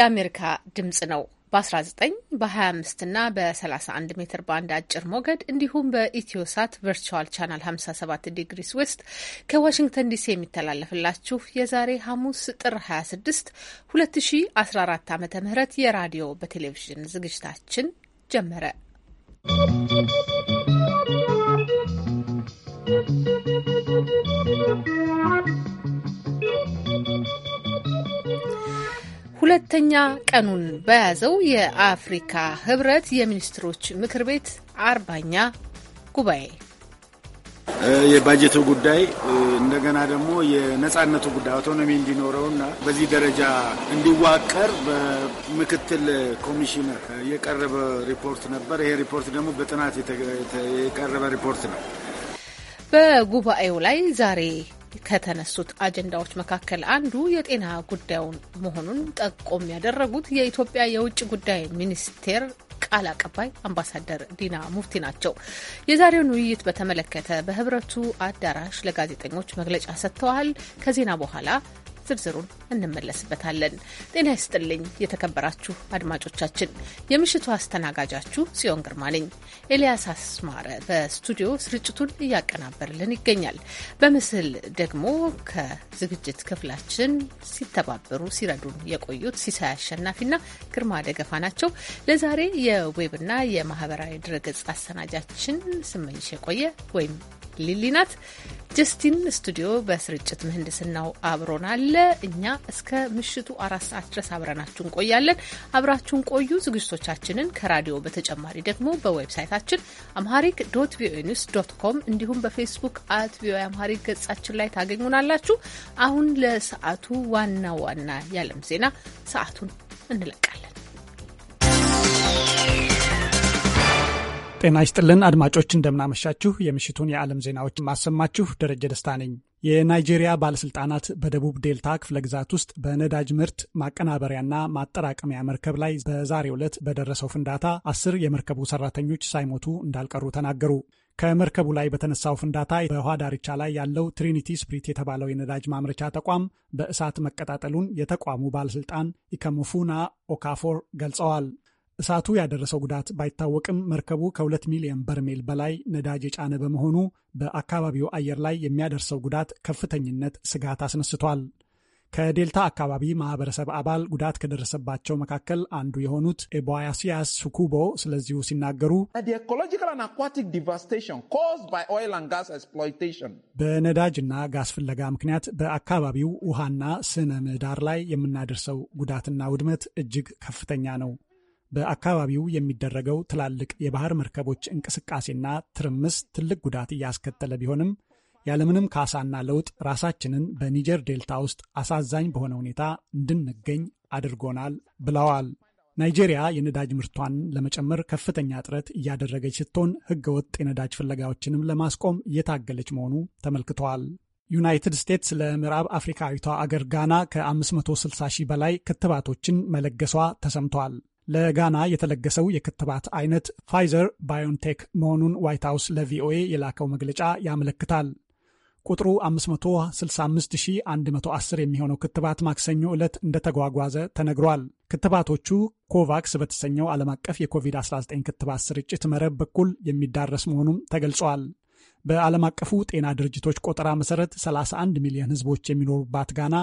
የአሜሪካ ድምጽ ነው። በ19 በ25 እና በ31 ሜትር ባንድ አጭር ሞገድ እንዲሁም በኢትዮሳት ቨርቹዋል ቻናል 57 ዲግሪስ ዌስት ከዋሽንግተን ዲሲ የሚተላለፍላችሁ የዛሬ ሐሙስ ጥር 26 2014 ዓ ም የራዲዮ በቴሌቪዥን ዝግጅታችን ጀመረ። ¶¶ ሁለተኛ ቀኑን በያዘው የአፍሪካ ህብረት የሚኒስትሮች ምክር ቤት አርባኛ ጉባኤ የባጀቱ ጉዳይ እንደገና ደግሞ የነጻነቱ ጉዳይ አውቶኖሚ እንዲኖረውና በዚህ ደረጃ እንዲዋቀር በምክትል ኮሚሽነር የቀረበ ሪፖርት ነበር። ይሄ ሪፖርት ደግሞ በጥናት የቀረበ ሪፖርት ነው። በጉባኤው ላይ ዛሬ ከተነሱት አጀንዳዎች መካከል አንዱ የጤና ጉዳዩን መሆኑን ጠቆም ያደረጉት የኢትዮጵያ የውጭ ጉዳይ ሚኒስቴር ቃል አቀባይ አምባሳደር ዲና ሙፍቲ ናቸው። የዛሬውን ውይይት በተመለከተ በህብረቱ አዳራሽ ለጋዜጠኞች መግለጫ ሰጥተዋል። ከዜና በኋላ ዝርዝሩን እንመለስበታለን። ጤና ይስጥልኝ የተከበራችሁ አድማጮቻችን፣ የምሽቱ አስተናጋጃችሁ ጽዮን ግርማ ነኝ። ኤልያስ አስማረ በስቱዲዮ ስርጭቱን እያቀናበርልን ይገኛል። በምስል ደግሞ ከዝግጅት ክፍላችን ሲተባበሩ ሲረዱን የቆዩት ሲሳይ አሸናፊና ግርማ ደገፋ ናቸው። ለዛሬ የዌብና የማህበራዊ ድረገጽ አሰናጃችን ስመኝሽ የቆየ ወይም ሊሊ ናት። ጀስቲን ስቱዲዮ በስርጭት ምህንድስናው አብሮን አለ። እኛ እስከ ምሽቱ አራት ሰዓት ድረስ አብረናችሁ እንቆያለን። አብራችሁን ቆዩ። ዝግጅቶቻችንን ከራዲዮ በተጨማሪ ደግሞ በዌብሳይታችን አምሃሪክ ዶት ቪኦኤ ኒውስ ዶት ኮም እንዲሁም በፌስቡክ አት ቪኦኤ አምሃሪክ ገጻችን ላይ ታገኙናላችሁ። አሁን ለሰዓቱ ዋና ዋና የዓለም ዜና ሰዓቱን እንለቃለን። ጤና ይስጥልን አድማጮች፣ እንደምናመሻችሁ። የምሽቱን የዓለም ዜናዎች የማሰማችሁ ደረጀ ደስታ ነኝ። የናይጄሪያ ባለስልጣናት በደቡብ ዴልታ ክፍለ ግዛት ውስጥ በነዳጅ ምርት ማቀናበሪያና ማጠራቀሚያ መርከብ ላይ በዛሬው ዕለት በደረሰው ፍንዳታ አስር የመርከቡ ሰራተኞች ሳይሞቱ እንዳልቀሩ ተናገሩ። ከመርከቡ ላይ በተነሳው ፍንዳታ በውሃ ዳርቻ ላይ ያለው ትሪኒቲ ስፕሪት የተባለው የነዳጅ ማምረቻ ተቋም በእሳት መቀጣጠሉን የተቋሙ ባለስልጣን ኢከሙፉና ኦካፎር ገልጸዋል። እሳቱ ያደረሰው ጉዳት ባይታወቅም መርከቡ ከሁለት ሚሊዮን በርሜል በላይ ነዳጅ የጫነ በመሆኑ በአካባቢው አየር ላይ የሚያደርሰው ጉዳት ከፍተኝነት ስጋት አስነስቷል። ከዴልታ አካባቢ ማህበረሰብ አባል ጉዳት ከደረሰባቸው መካከል አንዱ የሆኑት ኤቦያሲያስ ሱኩቦ ስለዚሁ ሲናገሩ በነዳጅና ጋዝ ፍለጋ ምክንያት በአካባቢው ውሃና ስነ ምህዳር ላይ የምናደርሰው ጉዳትና ውድመት እጅግ ከፍተኛ ነው። በአካባቢው የሚደረገው ትላልቅ የባህር መርከቦች እንቅስቃሴና ትርምስ ትልቅ ጉዳት እያስከተለ ቢሆንም ያለምንም ካሳና ለውጥ ራሳችንን በኒጀር ዴልታ ውስጥ አሳዛኝ በሆነ ሁኔታ እንድንገኝ አድርጎናል ብለዋል። ናይጄሪያ የነዳጅ ምርቷን ለመጨመር ከፍተኛ ጥረት እያደረገች ስትሆን ወጥ የነዳጅ ፍለጋዎችንም ለማስቆም እየታገለች መሆኑ ተመልክተዋል። ዩናይትድ ስቴትስ ለምዕራብ አፍሪካዊቷ አገር ጋና ከ560 ሺህ በላይ ክትባቶችን መለገሷ ተሰምቷል። ለጋና የተለገሰው የክትባት አይነት ፋይዘር ባዮንቴክ መሆኑን ዋይት ሀውስ ለቪኦኤ የላከው መግለጫ ያመለክታል። ቁጥሩ 565110 የሚሆነው ክትባት ማክሰኞ ዕለት እንደተጓጓዘ ተነግሯል። ክትባቶቹ ኮቫክስ በተሰኘው ዓለም አቀፍ የኮቪድ-19 ክትባት ስርጭት መረብ በኩል የሚዳረስ መሆኑም ተገልጿል። በዓለም አቀፉ ጤና ድርጅቶች ቆጠራ መሰረት 31 ሚሊዮን ሕዝቦች የሚኖሩባት ጋና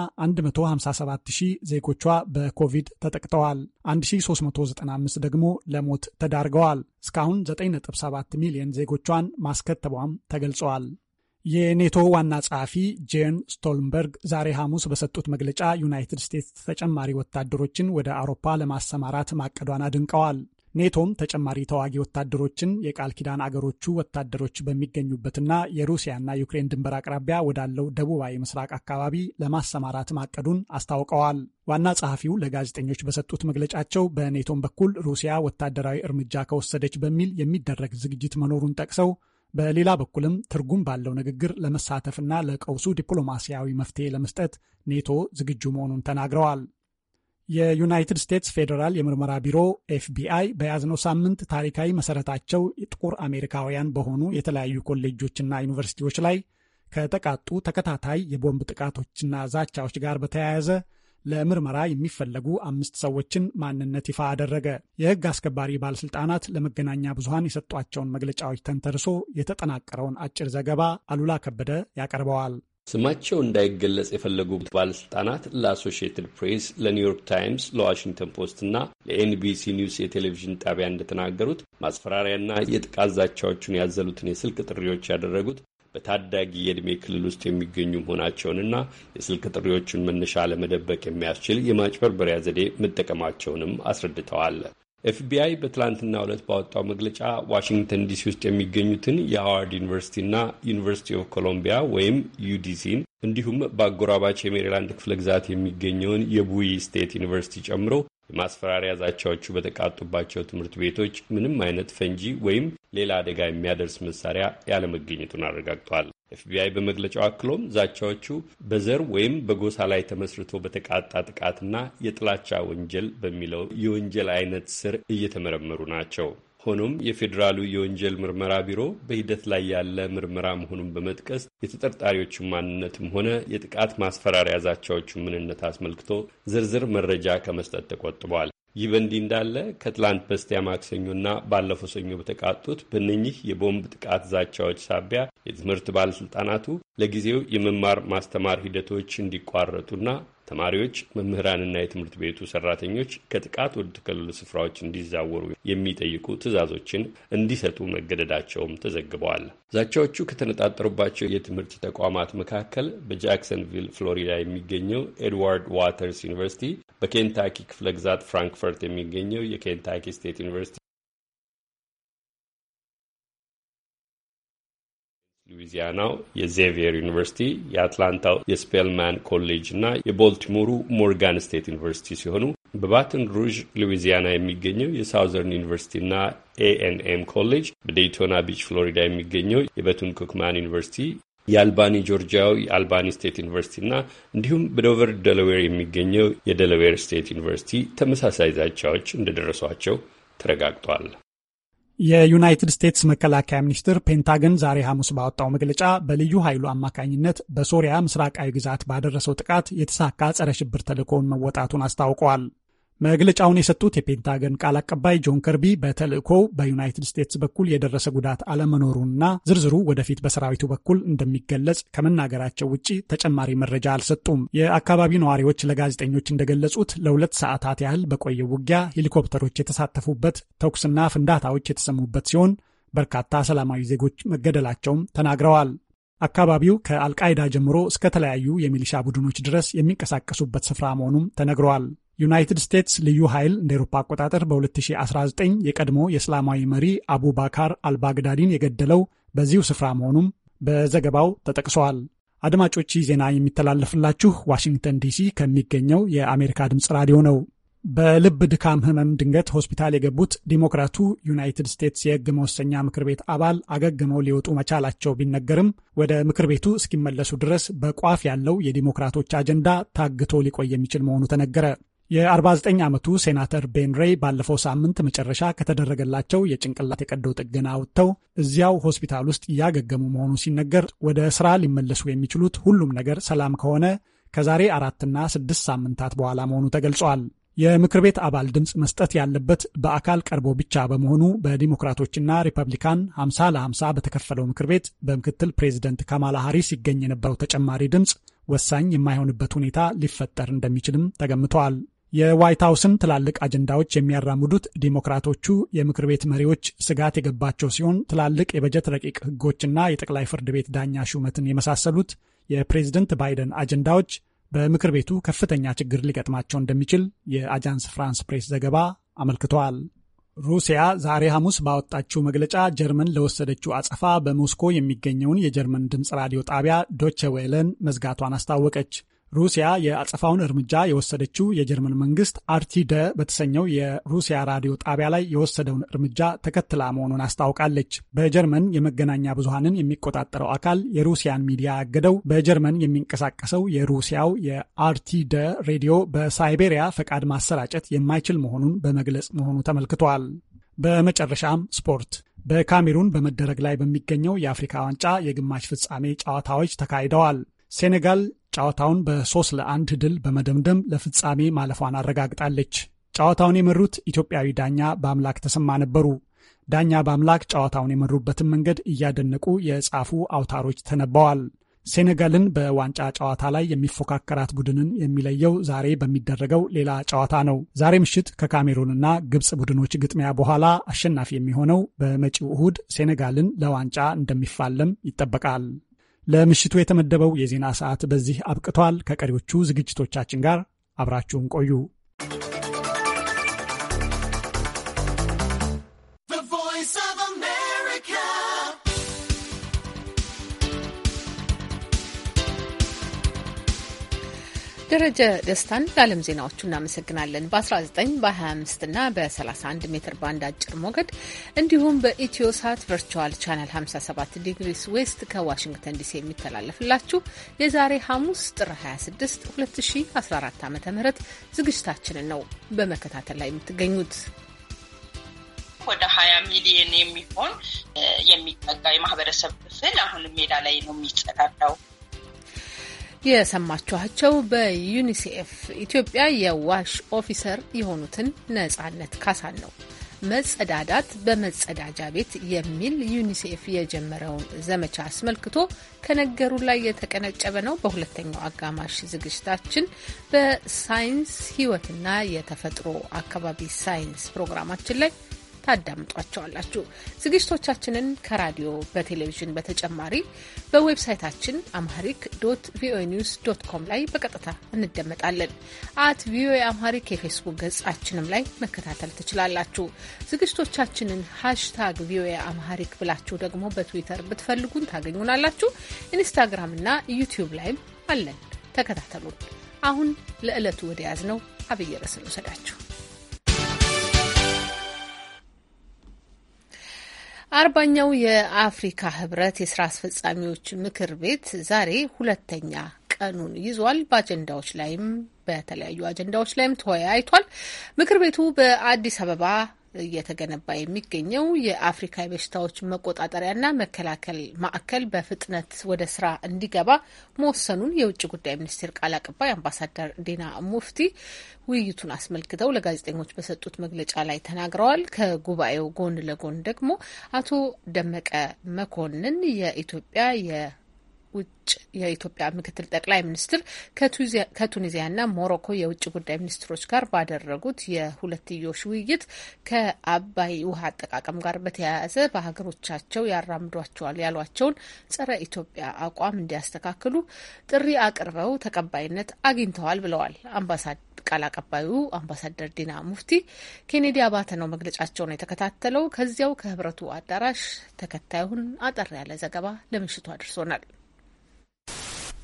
157 ሺህ ዜጎቿ በኮቪድ ተጠቅተዋል። 1395 ደግሞ ለሞት ተዳርገዋል። እስካሁን 9.7 ሚሊዮን ዜጎቿን ማስከተቧም ተገልጸዋል። የኔቶ ዋና ጸሐፊ ጄን ስቶልንበርግ ዛሬ ሐሙስ በሰጡት መግለጫ ዩናይትድ ስቴትስ ተጨማሪ ወታደሮችን ወደ አውሮፓ ለማሰማራት ማቀዷን አድንቀዋል። ኔቶም ተጨማሪ ተዋጊ ወታደሮችን የቃል ኪዳን አገሮቹ ወታደሮች በሚገኙበትና የሩሲያና ዩክሬን ድንበር አቅራቢያ ወዳለው ደቡባዊ ምስራቅ አካባቢ ለማሰማራት ማቀዱን አስታውቀዋል። ዋና ጸሐፊው ለጋዜጠኞች በሰጡት መግለጫቸው በኔቶም በኩል ሩሲያ ወታደራዊ እርምጃ ከወሰደች በሚል የሚደረግ ዝግጅት መኖሩን ጠቅሰው በሌላ በኩልም ትርጉም ባለው ንግግር ለመሳተፍና ለቀውሱ ዲፕሎማሲያዊ መፍትሄ ለመስጠት ኔቶ ዝግጁ መሆኑን ተናግረዋል። የዩናይትድ ስቴትስ ፌዴራል የምርመራ ቢሮ ኤፍቢአይ በያዝነው ሳምንት ታሪካዊ መሰረታቸው ጥቁር አሜሪካውያን በሆኑ የተለያዩ ኮሌጆችና ዩኒቨርሲቲዎች ላይ ከተቃጡ ተከታታይ የቦምብ ጥቃቶችና ዛቻዎች ጋር በተያያዘ ለምርመራ የሚፈለጉ አምስት ሰዎችን ማንነት ይፋ አደረገ። የሕግ አስከባሪ ባለስልጣናት ለመገናኛ ብዙሃን የሰጧቸውን መግለጫዎች ተንተርሶ የተጠናቀረውን አጭር ዘገባ አሉላ ከበደ ያቀርበዋል። ስማቸው እንዳይገለጽ የፈለጉት ባለሥልጣናት ለአሶሺየትድ ፕሬስ፣ ለኒውዮርክ ታይምስ፣ ለዋሽንግተን ፖስት እና ለኤንቢሲ ኒውስ የቴሌቪዥን ጣቢያ እንደተናገሩት ማስፈራሪያና የጥቃት ዛቻዎቹን ያዘሉትን የስልክ ጥሪዎች ያደረጉት በታዳጊ የዕድሜ ክልል ውስጥ የሚገኙ መሆናቸውንና የስልክ ጥሪዎቹን መነሻ ለመደበቅ የሚያስችል የማጭበርበሪያ ዘዴ መጠቀማቸውንም አስረድተዋል። ኤፍቢአይ በትላንትና ዕለት ባወጣው መግለጫ ዋሽንግተን ዲሲ ውስጥ የሚገኙትን የሃዋርድ ዩኒቨርሲቲና ዩኒቨርሲቲ ኦፍ ኮሎምቢያ ወይም ዩዲሲን እንዲሁም በአጎራባች የሜሪላንድ ክፍለ ግዛት የሚገኘውን የቡይ ስቴት ዩኒቨርሲቲ ጨምሮ የማስፈራሪያ ዛቻዎቹ በተቃጡባቸው ትምህርት ቤቶች ምንም አይነት ፈንጂ ወይም ሌላ አደጋ የሚያደርስ መሳሪያ ያለመገኘቱን አረጋግጧል። ኤፍቢአይ በመግለጫው አክሎም ዛቻዎቹ በዘር ወይም በጎሳ ላይ ተመስርቶ በተቃጣ ጥቃትና የጥላቻ ወንጀል በሚለው የወንጀል አይነት ስር እየተመረመሩ ናቸው። ሆኖም የፌዴራሉ የወንጀል ምርመራ ቢሮ በሂደት ላይ ያለ ምርመራ መሆኑን በመጥቀስ የተጠርጣሪዎቹን ማንነትም ሆነ የጥቃት ማስፈራሪያ ዛቻዎቹን ምንነት አስመልክቶ ዝርዝር መረጃ ከመስጠት ተቆጥቧል። ይህ በእንዲህ እንዳለ ከትላንት በስቲያ ማክሰኞና ባለፈው ሰኞ በተቃጡት በእነኚህ የቦምብ ጥቃት ዛቻዎች ሳቢያ የትምህርት ባለስልጣናቱ ለጊዜው የመማር ማስተማር ሂደቶች እንዲቋረጡና ተማሪዎች፣ መምህራንና የትምህርት ቤቱ ሰራተኞች ከጥቃት ወደ ተከለሉ ስፍራዎች እንዲዛወሩ የሚጠይቁ ትዕዛዞችን እንዲሰጡ መገደዳቸውም ተዘግበዋል። ዛቻዎቹ ከተነጣጠሩባቸው የትምህርት ተቋማት መካከል በጃክሰንቪል ፍሎሪዳ የሚገኘው ኤድዋርድ ዋተርስ ዩኒቨርሲቲ፣ በኬንታኪ ክፍለ ግዛት ፍራንክፈርት የሚገኘው የኬንታኪ ስቴት ዩኒቨርሲቲ ሉዊዚያናው የዜቪየር ዩኒቨርሲቲ፣ የአትላንታው የስፔልማን ኮሌጅ እና የቦልቲሞሩ ሞርጋን ስቴት ዩኒቨርሲቲ ሲሆኑ በባትን ሩዥ ሉዊዚያና የሚገኘው የሳውዘርን ዩኒቨርሲቲና ኤኤንኤም ኮሌጅ፣ በዴይቶና ቢች ፍሎሪዳ የሚገኘው የበቱን ኩክማን ዩኒቨርሲቲ፣ የአልባኒ ጆርጂያው የአልባኒ ስቴት ዩኒቨርሲቲና እንዲሁም በዶቨር ደለዌር የሚገኘው የደለዌር ስቴት ዩኒቨርሲቲ ተመሳሳይ ዛቻዎች እንደደረሷቸው ተረጋግጧል። የዩናይትድ ስቴትስ መከላከያ ሚኒስትር ፔንታገን ዛሬ ሐሙስ ባወጣው መግለጫ በልዩ ኃይሉ አማካኝነት በሶሪያ ምስራቃዊ ግዛት ባደረሰው ጥቃት የተሳካ ጸረ ሽብር ተልእኮውን መወጣቱን አስታውቀዋል። መግለጫውን የሰጡት የፔንታገን ቃል አቀባይ ጆን ከርቢ በተልዕኮው በዩናይትድ ስቴትስ በኩል የደረሰ ጉዳት አለመኖሩንና ዝርዝሩ ወደፊት በሰራዊቱ በኩል እንደሚገለጽ ከመናገራቸው ውጭ ተጨማሪ መረጃ አልሰጡም። የአካባቢው ነዋሪዎች ለጋዜጠኞች እንደገለጹት ለሁለት ሰዓታት ያህል በቆየው ውጊያ ሄሊኮፕተሮች የተሳተፉበት ተኩስና ፍንዳታዎች የተሰሙበት ሲሆን በርካታ ሰላማዊ ዜጎች መገደላቸውም ተናግረዋል። አካባቢው ከአልቃይዳ ጀምሮ እስከ ተለያዩ የሚሊሻ ቡድኖች ድረስ የሚንቀሳቀሱበት ስፍራ መሆኑም ተነግረዋል። ዩናይትድ ስቴትስ ልዩ ኃይል እንደ ኤሮፓ አቆጣጠር በ2019 የቀድሞ የእስላማዊ መሪ አቡባካር አልባግዳዲን የገደለው በዚሁ ስፍራ መሆኑም በዘገባው ተጠቅሰዋል። አድማጮች ዜና የሚተላለፍላችሁ ዋሽንግተን ዲሲ ከሚገኘው የአሜሪካ ድምፅ ራዲዮ ነው። በልብ ድካም ህመም ድንገት ሆስፒታል የገቡት ዲሞክራቱ ዩናይትድ ስቴትስ የህግ መወሰኛ ምክር ቤት አባል አገግመው ሊወጡ መቻላቸው ቢነገርም ወደ ምክር ቤቱ እስኪመለሱ ድረስ በቋፍ ያለው የዲሞክራቶች አጀንዳ ታግቶ ሊቆይ የሚችል መሆኑ ተነገረ። የ49 ዓመቱ ሴናተር ቤን ሬይ ባለፈው ሳምንት መጨረሻ ከተደረገላቸው የጭንቅላት የቀዶ ጥገና ወጥተው እዚያው ሆስፒታል ውስጥ እያገገሙ መሆኑ ሲነገር ወደ ስራ ሊመለሱ የሚችሉት ሁሉም ነገር ሰላም ከሆነ ከዛሬ አራትና ስድስት ሳምንታት በኋላ መሆኑ ተገልጿል። የምክር ቤት አባል ድምፅ መስጠት ያለበት በአካል ቀርቦ ብቻ በመሆኑ በዲሞክራቶችና ሪፐብሊካን 50 ለ50 በተከፈለው ምክር ቤት በምክትል ፕሬዚደንት ካማላ ሃሪስ ይገኝ የነበረው ተጨማሪ ድምፅ ወሳኝ የማይሆንበት ሁኔታ ሊፈጠር እንደሚችልም ተገምተዋል። የዋይት ሀውስን ትላልቅ አጀንዳዎች የሚያራምዱት ዲሞክራቶቹ የምክር ቤት መሪዎች ስጋት የገባቸው ሲሆን ትላልቅ የበጀት ረቂቅ ህጎችና የጠቅላይ ፍርድ ቤት ዳኛ ሹመትን የመሳሰሉት የፕሬዝደንት ባይደን አጀንዳዎች በምክር ቤቱ ከፍተኛ ችግር ሊገጥማቸው እንደሚችል የአጃንስ ፍራንስ ፕሬስ ዘገባ አመልክተዋል። ሩሲያ ዛሬ ሐሙስ ባወጣችው መግለጫ ጀርመን ለወሰደችው አጸፋ በሞስኮ የሚገኘውን የጀርመን ድምፅ ራዲዮ ጣቢያ ዶቸ ዌለን መዝጋቷን አስታወቀች። ሩሲያ የአጸፋውን እርምጃ የወሰደችው የጀርመን መንግስት አርቲደ በተሰኘው የሩሲያ ራዲዮ ጣቢያ ላይ የወሰደውን እርምጃ ተከትላ መሆኑን አስታውቃለች። በጀርመን የመገናኛ ብዙሃንን የሚቆጣጠረው አካል የሩሲያን ሚዲያ ያገደው በጀርመን የሚንቀሳቀሰው የሩሲያው የአርቲደ ሬዲዮ በሳይቤሪያ ፈቃድ ማሰራጨት የማይችል መሆኑን በመግለጽ መሆኑ ተመልክቷል። በመጨረሻም ስፖርት በካሜሩን በመደረግ ላይ በሚገኘው የአፍሪካ ዋንጫ የግማሽ ፍጻሜ ጨዋታዎች ተካሂደዋል። ሴኔጋል ጨዋታውን በሶስት ለአንድ ድል በመደምደም ለፍጻሜ ማለፏን አረጋግጣለች። ጨዋታውን የመሩት ኢትዮጵያዊ ዳኛ በአምላክ ተሰማ ነበሩ። ዳኛ በአምላክ ጨዋታውን የመሩበትን መንገድ እያደነቁ የጻፉ አውታሮች ተነበዋል። ሴኔጋልን በዋንጫ ጨዋታ ላይ የሚፎካከራት ቡድንን የሚለየው ዛሬ በሚደረገው ሌላ ጨዋታ ነው። ዛሬ ምሽት ከካሜሩንና ግብፅ ቡድኖች ግጥሚያ በኋላ አሸናፊ የሚሆነው በመጪው እሁድ ሴኔጋልን ለዋንጫ እንደሚፋለም ይጠበቃል። ለምሽቱ የተመደበው የዜና ሰዓት በዚህ አብቅቷል። ከቀሪዎቹ ዝግጅቶቻችን ጋር አብራችሁን ቆዩ። ደረጀ ደስታን ለዓለም ዜናዎቹ እናመሰግናለን። በ19 በ25 እና በ31 ሜትር ባንድ አጭር ሞገድ እንዲሁም ሳት ቨርቹዋል ቻናል 57 ዲግሪስ ዌስት ከዋሽንግተን ዲሲ የሚተላለፍላችሁ የዛሬ ሐሙስ ጥር 26 2014 ዓ ም ዝግጅታችንን ነው በመከታተል ላይ የምትገኙት። ወደ 20 ሚሊዮን የሚሆን የሚጠጋ የማህበረሰብ ክፍል አሁንም ሜዳ ላይ ነው የሚጸዳዳው። የሰማችኋቸው በዩኒሴፍ ኢትዮጵያ የዋሽ ኦፊሰር የሆኑትን ነጻነት ካሳን ነው። መጸዳዳት በመጸዳጃ ቤት የሚል ዩኒሴፍ የጀመረውን ዘመቻ አስመልክቶ ከነገሩ ላይ የተቀነጨበ ነው። በሁለተኛው አጋማሽ ዝግጅታችን በሳይንስ ሕይወትና የተፈጥሮ አካባቢ ሳይንስ ፕሮግራማችን ላይ ታዳምጧቸዋላችሁ። ዝግጅቶቻችንን ከራዲዮ በቴሌቪዥን በተጨማሪ በዌብሳይታችን አምሃሪክ ዶት ቪኦኤ ኒውስ ዶት ኮም ላይ በቀጥታ እንደመጣለን። አት ቪኦኤ አምሃሪክ የፌስቡክ ገጻችንም ላይ መከታተል ትችላላችሁ። ዝግጅቶቻችንን ሃሽታግ ቪኦኤ አምሃሪክ ብላችሁ ደግሞ በትዊተር ብትፈልጉን ታገኙናላችሁ። ኢንስታግራም እና ዩቲዩብ ላይም አለን። ተከታተሉን። አሁን ለዕለቱ ወደ ያዝነው አብይ ርዕስ እንውሰዳችሁ። አርባኛው የአፍሪካ ህብረት የስራ አስፈጻሚዎች ምክር ቤት ዛሬ ሁለተኛ ቀኑን ይዟል። በአጀንዳዎች ላይም በተለያዩ አጀንዳዎች ላይም ተወያይቷል። ምክር ቤቱ በአዲስ አበባ እየተገነባ የሚገኘው የአፍሪካ የበሽታዎች መቆጣጠሪያና መከላከል ማዕከል በፍጥነት ወደ ስራ እንዲገባ መወሰኑን የውጭ ጉዳይ ሚኒስቴር ቃል አቀባይ አምባሳደር ዲና ሙፍቲ ውይይቱን አስመልክተው ለጋዜጠኞች በሰጡት መግለጫ ላይ ተናግረዋል። ከጉባኤው ጎን ለጎን ደግሞ አቶ ደመቀ መኮንን የኢትዮጵያ ውጭ የኢትዮጵያ ምክትል ጠቅላይ ሚኒስትር ከቱኒዚያና ሞሮኮ የውጭ ጉዳይ ሚኒስትሮች ጋር ባደረጉት የሁለትዮሽ ውይይት ከአባይ ውሃ አጠቃቀም ጋር በተያያዘ በሀገሮቻቸው ያራምዷቸዋል ያሏቸውን ጸረ ኢትዮጵያ አቋም እንዲያስተካክሉ ጥሪ አቅርበው ተቀባይነት አግኝተዋል ብለዋል። ቃል አቀባዩ አምባሳደር ዲና ሙፍቲ ኬኔዲ አባተ ነው መግለጫቸውን የተከታተለው። ከዚያው ከህብረቱ አዳራሽ ተከታዩን አጠር ያለ ዘገባ ለምሽቱ አድርሶናል።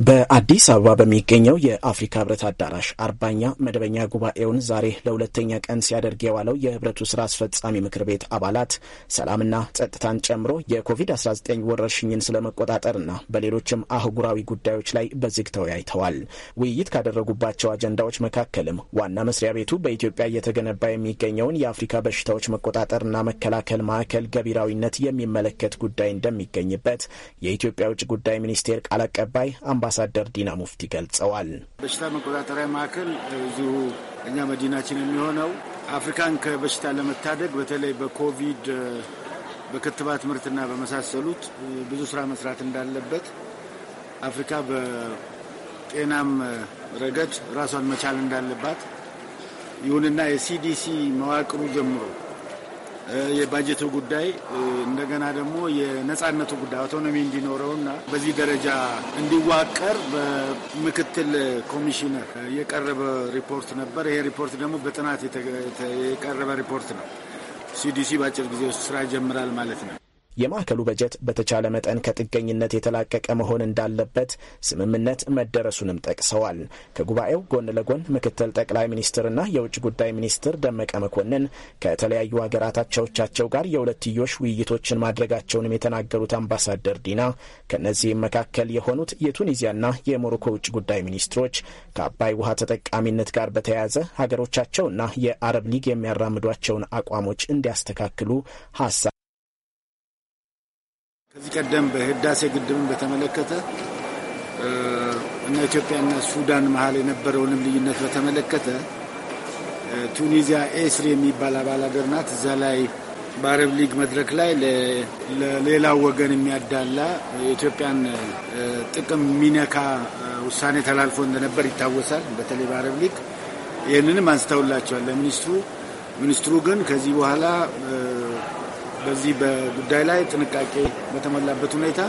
በአዲስ አበባ በሚገኘው የአፍሪካ ህብረት አዳራሽ አርባኛ መደበኛ ጉባኤውን ዛሬ ለሁለተኛ ቀን ሲያደርግ የዋለው የህብረቱ ስራ አስፈጻሚ ምክር ቤት አባላት ሰላምና ጸጥታን ጨምሮ የኮቪድ-19 ወረርሽኝን ስለመቆጣጠርና በሌሎችም አህጉራዊ ጉዳዮች ላይ በዝግ ተወያይተዋል። ውይይት ካደረጉባቸው አጀንዳዎች መካከልም ዋና መስሪያ ቤቱ በኢትዮጵያ እየተገነባ የሚገኘውን የአፍሪካ በሽታዎች መቆጣጠርና መከላከል ማዕከል ገቢራዊነት የሚመለከት ጉዳይ እንደሚገኝበት የኢትዮጵያ ውጭ ጉዳይ ሚኒስቴር ቃል አቀባይ አምባሳደር ዲና ሙፍቲ ገልጸዋል። በሽታ መቆጣጠሪያ ማዕከል እዚሁ እኛ መዲናችን የሚሆነው አፍሪካን ከበሽታ ለመታደግ በተለይ በኮቪድ በክትባት ምርትና በመሳሰሉት ብዙ ስራ መስራት እንዳለበት አፍሪካ በጤናም ረገድ ራሷን መቻል እንዳለባት ይሁንና የሲዲሲ መዋቅሩ ጀምሮ የባጀቱ ጉዳይ እንደገና ደግሞ የነጻነቱ ጉዳይ አውቶኖሚ እንዲኖረውና በዚህ ደረጃ እንዲዋቀር በምክትል ኮሚሽነር የቀረበ ሪፖርት ነበር። ይሄ ሪፖርት ደግሞ በጥናት የቀረበ ሪፖርት ነው። ሲዲሲ በአጭር ጊዜ ውስጥ ስራ ይጀምራል ማለት ነው። የማዕከሉ በጀት በተቻለ መጠን ከጥገኝነት የተላቀቀ መሆን እንዳለበት ስምምነት መደረሱንም ጠቅሰዋል። ከጉባኤው ጎን ለጎን ምክትል ጠቅላይ ሚኒስትርና የውጭ ጉዳይ ሚኒስትር ደመቀ መኮንን ከተለያዩ ሀገራት አቻዎቻቸው ጋር የሁለትዮሽ ውይይቶችን ማድረጋቸውንም የተናገሩት አምባሳደር ዲና ከእነዚህም መካከል የሆኑት የቱኒዚያና የሞሮኮ ውጭ ጉዳይ ሚኒስትሮች ከአባይ ውሃ ተጠቃሚነት ጋር በተያያዘ ሀገሮቻቸውና የአረብ ሊግ የሚያራምዷቸውን አቋሞች እንዲያስተካክሉ ሀሳብ ከዚህ ቀደም በህዳሴ ግድብን በተመለከተ እና ኢትዮጵያና ሱዳን መሀል የነበረውንም ልዩነት በተመለከተ ቱኒዚያ ኤስሪ የሚባል አባል ሀገር ናት። እዛ ላይ በአረብ ሊግ መድረክ ላይ ለሌላው ወገን የሚያዳላ የኢትዮጵያን ጥቅም የሚነካ ውሳኔ ተላልፎ እንደነበር ይታወሳል። በተለይ በአረብ ሊግ ይህንንም አንስተውላቸዋል ለሚኒስትሩ። ሚኒስትሩ ግን ከዚህ በኋላ በዚህ በጉዳይ ላይ ጥንቃቄ በተሞላበት ሁኔታ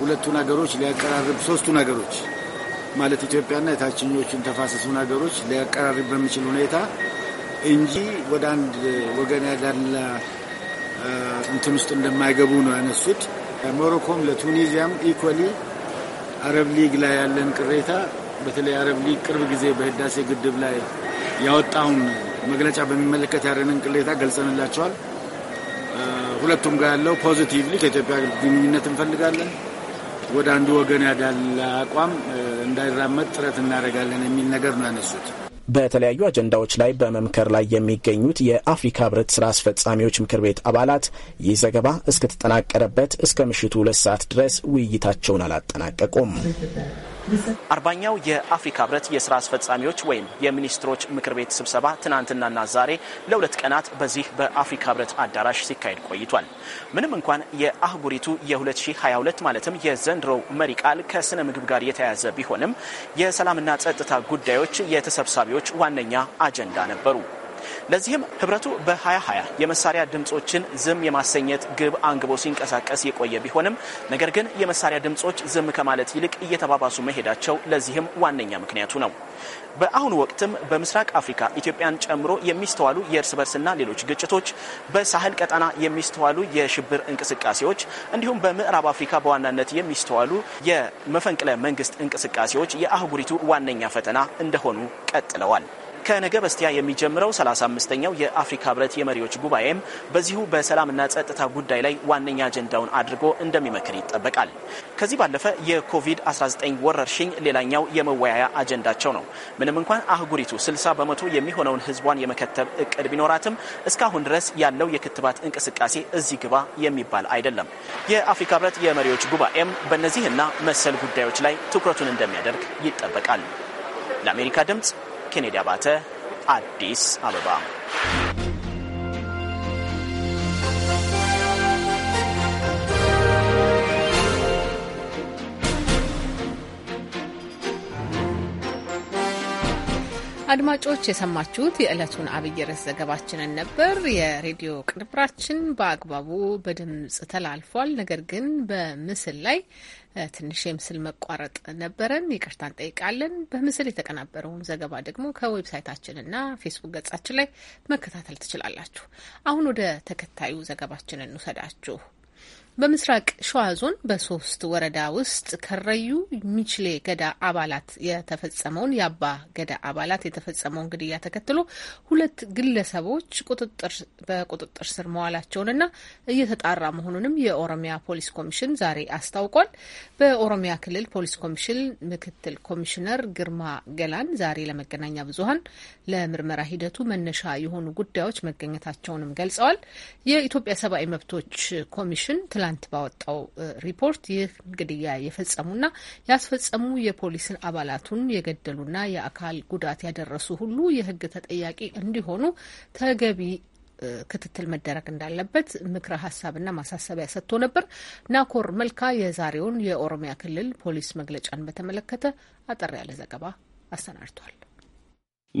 ሁለቱን ሀገሮች ሊያቀራርብ ሶስቱን ሀገሮች ማለት ኢትዮጵያና የታችኞቹን ተፋሰሱን ሀገሮች ሊያቀራርብ በሚችል ሁኔታ እንጂ ወደ አንድ ወገን ያዳላ እንትን ውስጥ እንደማይገቡ ነው ያነሱት። ሞሮኮም ለቱኒዚያም ኢኮሊ አረብ ሊግ ላይ ያለን ቅሬታ በተለይ አረብ ሊግ ቅርብ ጊዜ በህዳሴ ግድብ ላይ ያወጣውን መግለጫ በሚመለከት ያለንን ቅሬታ ገልጸንላቸዋል። ሁለቱም ጋር ያለው ፖዚቲቭሊ ከኢትዮጵያ ግንኙነት እንፈልጋለን። ወደ አንዱ ወገን ያዳለ አቋም እንዳይራመድ ጥረት እናደርጋለን የሚል ነገር ነው ያነሱት። በተለያዩ አጀንዳዎች ላይ በመምከር ላይ የሚገኙት የአፍሪካ ህብረት ስራ አስፈጻሚዎች ምክር ቤት አባላት ይህ ዘገባ እስከተጠናቀረበት እስከ ምሽቱ ሁለት ሰዓት ድረስ ውይይታቸውን አላጠናቀቁም። አርባኛው የአፍሪካ ህብረት የስራ አስፈጻሚዎች ወይም የሚኒስትሮች ምክር ቤት ስብሰባ ትናንትናና ዛሬ ለሁለት ቀናት በዚህ በአፍሪካ ህብረት አዳራሽ ሲካሄድ ቆይቷል። ምንም እንኳን የአህጉሪቱ የ2022 ማለትም የዘንድሮው መሪ ቃል ከስነ ምግብ ጋር የተያያዘ ቢሆንም የሰላምና ጸጥታ ጉዳዮች የተሰብሳቢዎች ዋነኛ አጀንዳ ነበሩ። ለዚህም ህብረቱ በ2020 የመሳሪያ ድምፆችን ዝም የማሰኘት ግብ አንግቦ ሲንቀሳቀስ የቆየ ቢሆንም ነገር ግን የመሳሪያ ድምፆች ዝም ከማለት ይልቅ እየተባባሱ መሄዳቸው ለዚህም ዋነኛ ምክንያቱ ነው። በአሁኑ ወቅትም በምስራቅ አፍሪካ ኢትዮጵያን ጨምሮ የሚስተዋሉ የእርስ በርስና ሌሎች ግጭቶች፣ በሳህል ቀጠና የሚስተዋሉ የሽብር እንቅስቃሴዎች እንዲሁም በምዕራብ አፍሪካ በዋናነት የሚስተዋሉ የመፈንቅለ መንግስት እንቅስቃሴዎች የአህጉሪቱ ዋነኛ ፈተና እንደሆኑ ቀጥለዋል። ከነገ በስቲያ የሚጀምረው 35ኛው የአፍሪካ ህብረት የመሪዎች ጉባኤም በዚሁ በሰላምና ጸጥታ ጉዳይ ላይ ዋነኛ አጀንዳውን አድርጎ እንደሚመክር ይጠበቃል። ከዚህ ባለፈ የኮቪድ-19 ወረርሽኝ ሌላኛው የመወያያ አጀንዳቸው ነው። ምንም እንኳን አህጉሪቱ 60 በመቶ የሚሆነውን ህዝቧን የመከተብ እቅድ ቢኖራትም እስካሁን ድረስ ያለው የክትባት እንቅስቃሴ እዚህ ግባ የሚባል አይደለም። የአፍሪካ ህብረት የመሪዎች ጉባኤም በእነዚህና መሰል ጉዳዮች ላይ ትኩረቱን እንደሚያደርግ ይጠበቃል። ለአሜሪካ ድምፅ ኬኔዲ አባተ አዲስ አበባ። አድማጮች የሰማችሁት የዕለቱን አብይ ርዕስ ዘገባችንን ነበር። የሬዲዮ ቅንብራችን በአግባቡ በድምፅ ተላልፏል። ነገር ግን በምስል ላይ ትንሽ የምስል መቋረጥ ነበረን፣ ይቅርታ እንጠይቃለን። በምስል የተቀናበረውን ዘገባ ደግሞ ከዌብሳይታችንና ፌስቡክ ገጻችን ላይ መከታተል ትችላላችሁ። አሁን ወደ ተከታዩ ዘገባችን እንውሰዳችሁ። በምስራቅ ሸዋ ዞን በሶስት ወረዳ ውስጥ ከረዩ ሚችሌ ገዳ አባላት የተፈጸመውን የአባ ገዳ አባላት የተፈጸመውን ግድያ ተከትሎ ሁለት ግለሰቦች በቁጥጥር ስር መዋላቸውንና እየተጣራ መሆኑንም የኦሮሚያ ፖሊስ ኮሚሽን ዛሬ አስታውቋል። በኦሮሚያ ክልል ፖሊስ ኮሚሽን ምክትል ኮሚሽነር ግርማ ገላን ዛሬ ለመገናኛ ብዙኃን ለምርመራ ሂደቱ መነሻ የሆኑ ጉዳዮች መገኘታቸውንም ገልጸዋል። የኢትዮጵያ ሰብአዊ መብቶች ኮሚሽን ትላንት ባወጣው ሪፖርት ይህ ግድያ የፈጸሙና ያስፈጸሙ የፖሊስን አባላቱን የገደሉና የአካል ጉዳት ያደረሱ ሁሉ የሕግ ተጠያቂ እንዲሆኑ ተገቢ ክትትል መደረግ እንዳለበት ምክረ ሀሳብና ማሳሰቢያ ሰጥቶ ነበር። ናኮር መልካ የዛሬውን የኦሮሚያ ክልል ፖሊስ መግለጫን በተመለከተ አጠር ያለ ዘገባ አሰናድቷል።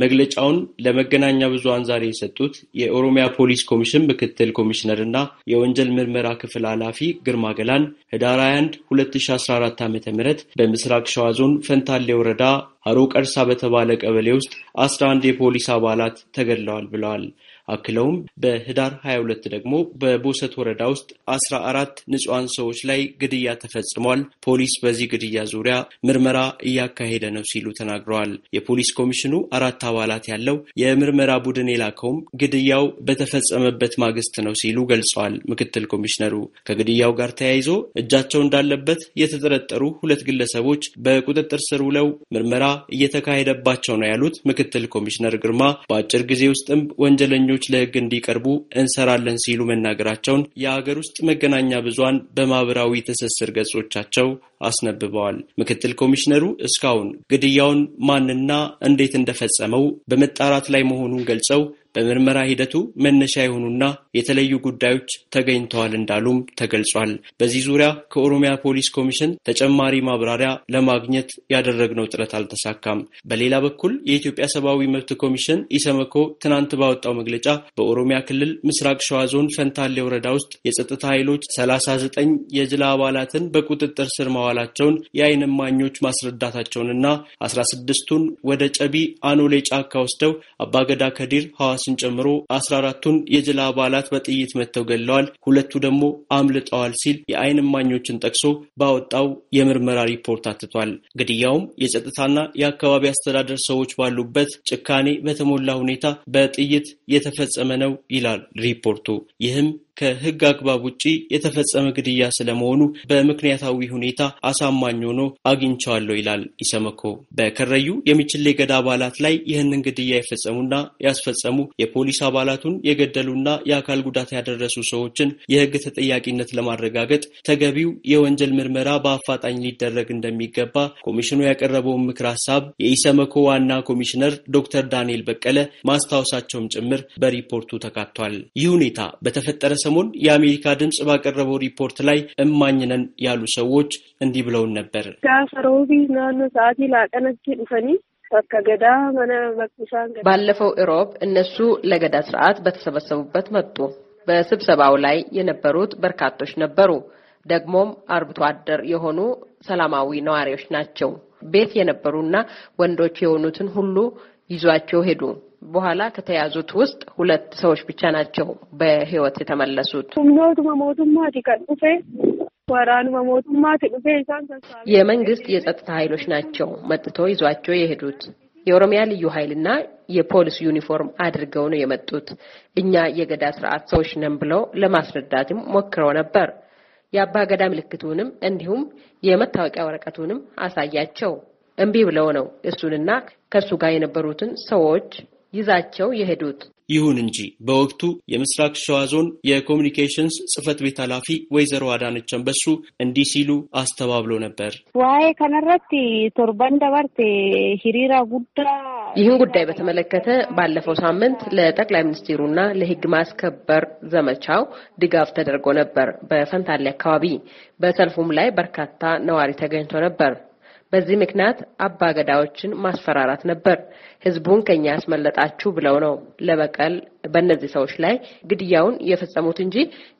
መግለጫውን ለመገናኛ ብዙሃን ዛሬ የሰጡት የኦሮሚያ ፖሊስ ኮሚሽን ምክትል ኮሚሽነር እና የወንጀል ምርመራ ክፍል ኃላፊ ግርማ ገላን ህዳር 21 2014 ዓ ም በምስራቅ ሸዋ ዞን ፈንታሌ ወረዳ አሮ ቀርሳ በተባለ ቀበሌ ውስጥ 11 የፖሊስ አባላት ተገድለዋል ብለዋል። አክለውም በህዳር 22 ደግሞ በቦሰት ወረዳ ውስጥ አስራ አራት ንጹሐን ሰዎች ላይ ግድያ ተፈጽሟል። ፖሊስ በዚህ ግድያ ዙሪያ ምርመራ እያካሄደ ነው ሲሉ ተናግረዋል። የፖሊስ ኮሚሽኑ አራት አባላት ያለው የምርመራ ቡድን የላከውም ግድያው በተፈጸመበት ማግስት ነው ሲሉ ገልጸዋል። ምክትል ኮሚሽነሩ ከግድያው ጋር ተያይዞ እጃቸው እንዳለበት የተጠረጠሩ ሁለት ግለሰቦች በቁጥጥር ስር ውለው ምርመራ እየተካሄደባቸው ነው ያሉት ምክትል ኮሚሽነር ግርማ በአጭር ጊዜ ውስጥም ወንጀለኞች ወንጀለኞች ለህግ እንዲቀርቡ እንሰራለን ሲሉ መናገራቸውን የአገር ውስጥ መገናኛ ብዙሃን በማህበራዊ ትስስር ገጾቻቸው አስነብበዋል። ምክትል ኮሚሽነሩ እስካሁን ግድያውን ማንና እንዴት እንደፈጸመው በመጣራት ላይ መሆኑን ገልጸው በምርመራ ሂደቱ መነሻ የሆኑና የተለዩ ጉዳዮች ተገኝተዋል እንዳሉም ተገልጿል። በዚህ ዙሪያ ከኦሮሚያ ፖሊስ ኮሚሽን ተጨማሪ ማብራሪያ ለማግኘት ያደረግነው ጥረት አልተሳካም። በሌላ በኩል የኢትዮጵያ ሰብአዊ መብት ኮሚሽን ኢሰመኮ ትናንት ባወጣው መግለጫ በኦሮሚያ ክልል ምስራቅ ሸዋ ዞን ፈንታሌ ወረዳ ውስጥ የጸጥታ ኃይሎች 39 የጅላ አባላትን በቁጥጥር ስር ማዋላቸውን የዓይን እማኞች ማስረዳታቸውንና 16ቱን ወደ ጨቢ አኖሌ ጫካ ወስደው አባገዳ ከዲር ሐዋስን ጨምሮ 14ቱን የጅላ አባላት አባላት በጥይት መጥተው ገለዋል፣ ሁለቱ ደግሞ አምልጠዋል ሲል የአይን እማኞችን ጠቅሶ ባወጣው የምርመራ ሪፖርት አትቷል። ግድያውም የጸጥታና የአካባቢ አስተዳደር ሰዎች ባሉበት ጭካኔ በተሞላ ሁኔታ በጥይት የተፈጸመ ነው ይላል ሪፖርቱ። ይህም ከህግ አግባብ ውጪ የተፈጸመ ግድያ ስለመሆኑ በምክንያታዊ ሁኔታ አሳማኝ ሆኖ አግኝቸዋለሁ ይላል ኢሰመኮ። በከረዩ የሚችሌ ገዳ አባላት ላይ ይህንን ግድያ የፈጸሙና ያስፈጸሙ የፖሊስ አባላቱን የገደሉና የአካል ጉዳት ያደረሱ ሰዎችን የህግ ተጠያቂነት ለማረጋገጥ ተገቢው የወንጀል ምርመራ በአፋጣኝ ሊደረግ እንደሚገባ ኮሚሽኑ ያቀረበውን ምክር ሀሳብ የኢሰመኮ ዋና ኮሚሽነር ዶክተር ዳንኤል በቀለ ማስታወሳቸውም ጭምር በሪፖርቱ ተካቷል። ይህ ሁኔታ በተፈጠረ ሰሞን የአሜሪካ ድምፅ ባቀረበው ሪፖርት ላይ እማኝነን ያሉ ሰዎች እንዲህ ብለውን ነበር። ባለፈው እሮብ እነሱ ለገዳ ስርዓት በተሰበሰቡበት መጡ። በስብሰባው ላይ የነበሩት በርካቶች ነበሩ። ደግሞም አርብቶ አደር የሆኑ ሰላማዊ ነዋሪዎች ናቸው። ቤት የነበሩና ወንዶች የሆኑትን ሁሉ ይዟቸው ሄዱ። በኋላ ከተያዙት ውስጥ ሁለት ሰዎች ብቻ ናቸው በህይወት የተመለሱት። የመንግስት የጸጥታ ኃይሎች ናቸው መጥቶ ይዟቸው የሄዱት። የኦሮሚያ ልዩ ኃይልና የፖሊስ ዩኒፎርም አድርገው ነው የመጡት። እኛ የገዳ ስርዓት ሰዎች ነን ብለው ለማስረዳትም ሞክረው ነበር። የአባ ገዳ ምልክቱንም እንዲሁም የመታወቂያ ወረቀቱንም አሳያቸው። እምቢ ብለው ነው እሱንና ከእሱ ጋር የነበሩትን ሰዎች ይዛቸው የሄዱት። ይሁን እንጂ በወቅቱ የምስራቅ ሸዋ ዞን የኮሚኒኬሽንስ ጽህፈት ቤት ኃላፊ ወይዘሮ አዳነች አንበሱ እንዲህ ሲሉ አስተባብሎ ነበር። ዋይ ከነረት ቶርባን ሂሪራ ጉዳ ይህን ጉዳይ በተመለከተ ባለፈው ሳምንት ለጠቅላይ ሚኒስትሩና ለህግ ማስከበር ዘመቻው ድጋፍ ተደርጎ ነበር። በፈንታሌ አካባቢ በሰልፉም ላይ በርካታ ነዋሪ ተገኝቶ ነበር። በዚህ ምክንያት አባገዳዎችን ማስፈራራት ነበር። ህዝቡን ከኛ ያስመለጣችሁ ብለው ነው ለበቀል በእነዚህ ሰዎች ላይ ግድያውን የፈጸሙት እንጂ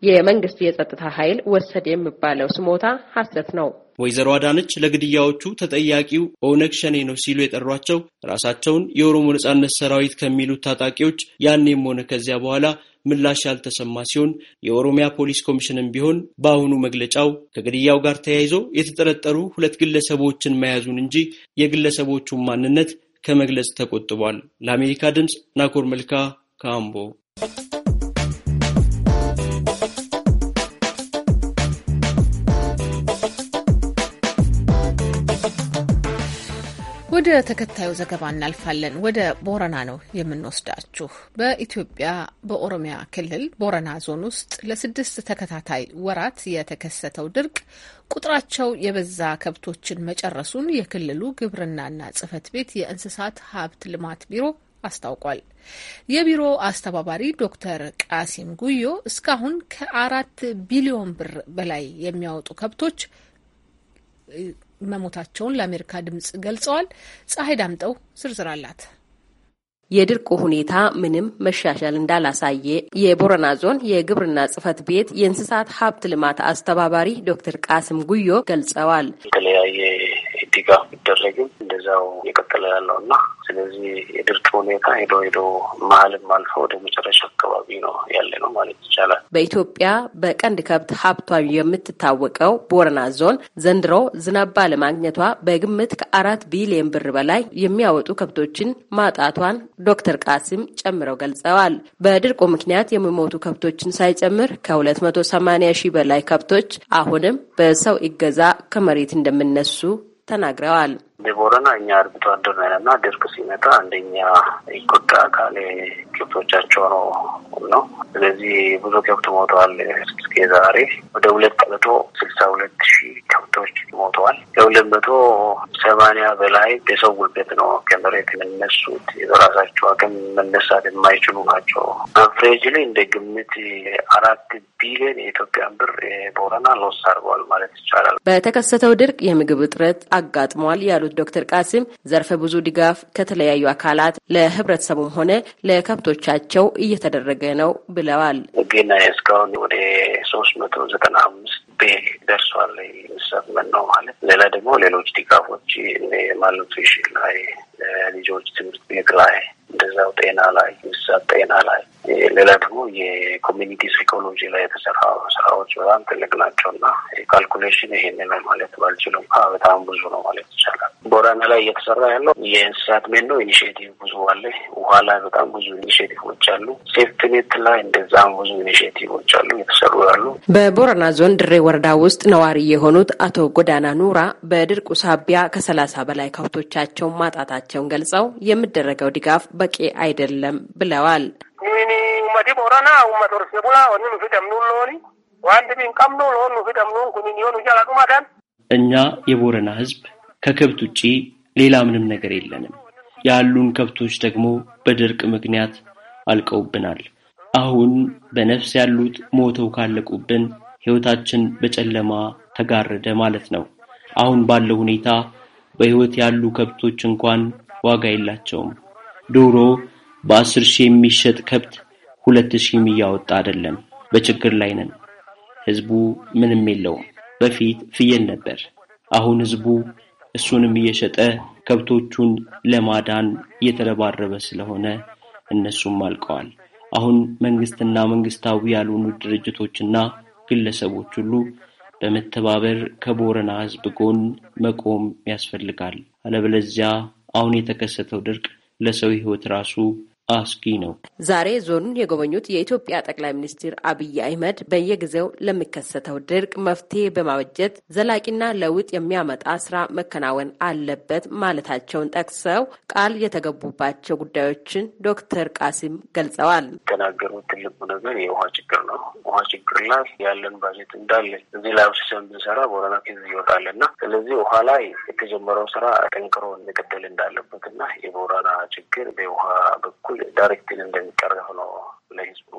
የመንግስት የጸጥታ ኃይል ወሰድ የሚባለው ስሞታ ሐሰት ነው። ወይዘሮ አዳነች ለግድያዎቹ ተጠያቂው ኦነግ ሸኔ ነው ሲሉ የጠሯቸው ራሳቸውን የኦሮሞ ነጻነት ሰራዊት ከሚሉት ታጣቂዎች ያኔም ሆነ ከዚያ በኋላ ምላሽ ያልተሰማ ሲሆን የኦሮሚያ ፖሊስ ኮሚሽንም ቢሆን በአሁኑ መግለጫው ከግድያው ጋር ተያይዞ የተጠረጠሩ ሁለት ግለሰቦችን መያዙን እንጂ የግለሰቦቹን ማንነት ከመግለጽ ተቆጥቧል። ለአሜሪካ ድምፅ ናኮር መልካ ከአምቦ ወደ ተከታዩ ዘገባ እናልፋለን። ወደ ቦረና ነው የምንወስዳችሁ። በኢትዮጵያ በኦሮሚያ ክልል ቦረና ዞን ውስጥ ለስድስት ተከታታይ ወራት የተከሰተው ድርቅ ቁጥራቸው የበዛ ከብቶችን መጨረሱን የክልሉ ግብርናና ጽሕፈት ቤት የእንስሳት ሀብት ልማት ቢሮ አስታውቋል። የቢሮ አስተባባሪ ዶክተር ቃሲም ጉዮ እስካሁን ከአራት ቢሊዮን ብር በላይ የሚያወጡ ከብቶች መሞታቸውን ለአሜሪካ ድምጽ ገልጸዋል። ፀሐይ ዳምጠው ዝርዝር አላት። የድርቁ ሁኔታ ምንም መሻሻል እንዳላሳየ የቦረና ዞን የግብርና ጽህፈት ቤት የእንስሳት ሀብት ልማት አስተባባሪ ዶክተር ቃስም ጉዮ ገልጸዋል። ጋ ቢደረግም እንደዚያው የቀጠለ ያለው እና ስለዚህ የድርቅ ሁኔታ ሄዶ ሄዶ መሀልም አልፎ ወደ መጨረሻ አካባቢ ነው ያለ ነው ማለት ይቻላል። በኢትዮጵያ በቀንድ ከብት ሀብቷ የምትታወቀው ቦረና ዞን ዘንድሮ ዝናብ ባለማግኘቷ በግምት ከአራት ቢሊዮን ብር በላይ የሚያወጡ ከብቶችን ማጣቷን ዶክተር ቃሲም ጨምረው ገልጸዋል። በድርቁ ምክንያት የሚሞቱ ከብቶችን ሳይጨምር ከ280 ሺህ በላይ ከብቶች አሁንም በሰው ይገዛ ከመሬት እንደሚነሱ ተናግረዋል። ቦረና እኛ አርብቶ አደር ነን እና ድርቅ ሲመጣ አንደኛ ይጎዳ አካል ከብቶቻቸው ነው ነው። ስለዚህ ብዙ ከብት ሞተዋል። እስከ ዛሬ ወደ ሁለት መቶ ስልሳ ሁለት ሺህ ከብቶች ሞተዋል። ከሁለት መቶ ሰማንያ በላይ የሰው ጉልበት ነው ከመሬት የምነሱት። በራሳቸው አቅም መነሳት የማይችሉ ናቸው። አቨሬጅ ላይ እንደ ግምት አራት ቢሊዮን የኢትዮጵያን ብር ቦረና ሎስ አድርገዋል ማለት ይቻላል። በተከሰተው ድርቅ የምግብ እጥረት አጋጥሟል ያሉት ዶክተር ቃሲም ዘርፈ ብዙ ድጋፍ ከተለያዩ አካላት ለህብረተሰቡም ሆነ ለከብቶቻቸው እየተደረገ ነው ብለዋል። ግና እስካሁን ወደ ሶስት መቶ ዘጠና አምስት ቤግ ደርሷል። የሚሰመን ነው ማለት ሌላ ደግሞ ሌሎች ድጋፎች ማለቱ ላይ ልጆች ትምህርት ቤት ላይ እንደዛው ጤና ላይ እንስሳት ጤና ላይ ሌላ ደግሞ የኮሚኒቲ ሳይኮሎጂ ላይ የተሰራ ስራዎች በጣም ትልቅ ናቸው እና ካልኩሌሽን ይሄን ነው ማለት ባልችልም በጣም ብዙ ነው ማለት ይቻላል። ቦረና ላይ እየተሰራ ያለው የእንስሳት ሜን ነው ኢኒሽቲቭ ብዙ አለ። ውሃ ላይ በጣም ብዙ ኢኒሽቲቮች አሉ። ሴፍትኔት ላይ እንደዛም ብዙ ኢኒሽቲቮች አሉ የተሰሩ ያሉ። በቦረና ዞን ድሬ ወረዳ ውስጥ ነዋሪ የሆኑት አቶ ጎዳና ኑራ በድርቁ ሳቢያ ከሰላሳ በላይ ከብቶቻቸው ማጣታቸው መሆናቸውን ገልጸው የሚደረገው ድጋፍ በቂ አይደለም ብለዋል። እኛ የቦረና ህዝብ ከከብት ውጪ ሌላ ምንም ነገር የለንም። ያሉን ከብቶች ደግሞ በድርቅ ምክንያት አልቀውብናል። አሁን በነፍስ ያሉት ሞተው ካለቁብን ሕይወታችን በጨለማ ተጋረደ ማለት ነው። አሁን ባለው ሁኔታ በሕይወት ያሉ ከብቶች እንኳን ዋጋ የላቸውም። ዶሮ በአስር ሺህ የሚሸጥ ከብት ሁለት ሺህም እያወጣ አይደለም። በችግር ላይ ነን። ሕዝቡ ምንም የለውም። በፊት ፍየል ነበር። አሁን ህዝቡ እሱንም እየሸጠ ከብቶቹን ለማዳን እየተረባረበ ስለሆነ እነሱም አልቀዋል። አሁን መንግስትና መንግስታዊ ያልሆኑ ድርጅቶችና ግለሰቦች ሁሉ በመተባበር ከቦረና ሕዝብ ጎን መቆም ያስፈልጋል አለበለዚያ አሁን የተከሰተው ድርቅ ለሰው ህይወት ራሱ አስጊ ነው። ዛሬ ዞኑን የጎበኙት የኢትዮጵያ ጠቅላይ ሚኒስትር አብይ አህመድ በየጊዜው ለሚከሰተው ድርቅ መፍትሄ በማበጀት ዘላቂና ለውጥ የሚያመጣ ስራ መከናወን አለበት ማለታቸውን ጠቅሰው ቃል የተገቡባቸው ጉዳዮችን ዶክተር ቃሲም ገልጸዋል። የተናገሩት ትልቁ ነገር የውሃ ችግር ነው። ውሃ ችግር ላይ ያለን ባጀት እንዳለ እዚህ ላይ አብስሰን ብንሰራ ቦረና ኬዝ ይወጣል እና ስለዚህ ውሃ ላይ የተጀመረው ስራ ጠንክሮ መቀጠል እንዳለበት እና የቦረና ችግር በውሃ በኩል ዳይሬክትን እንደሚቀረፍ ነው ለህዝቡ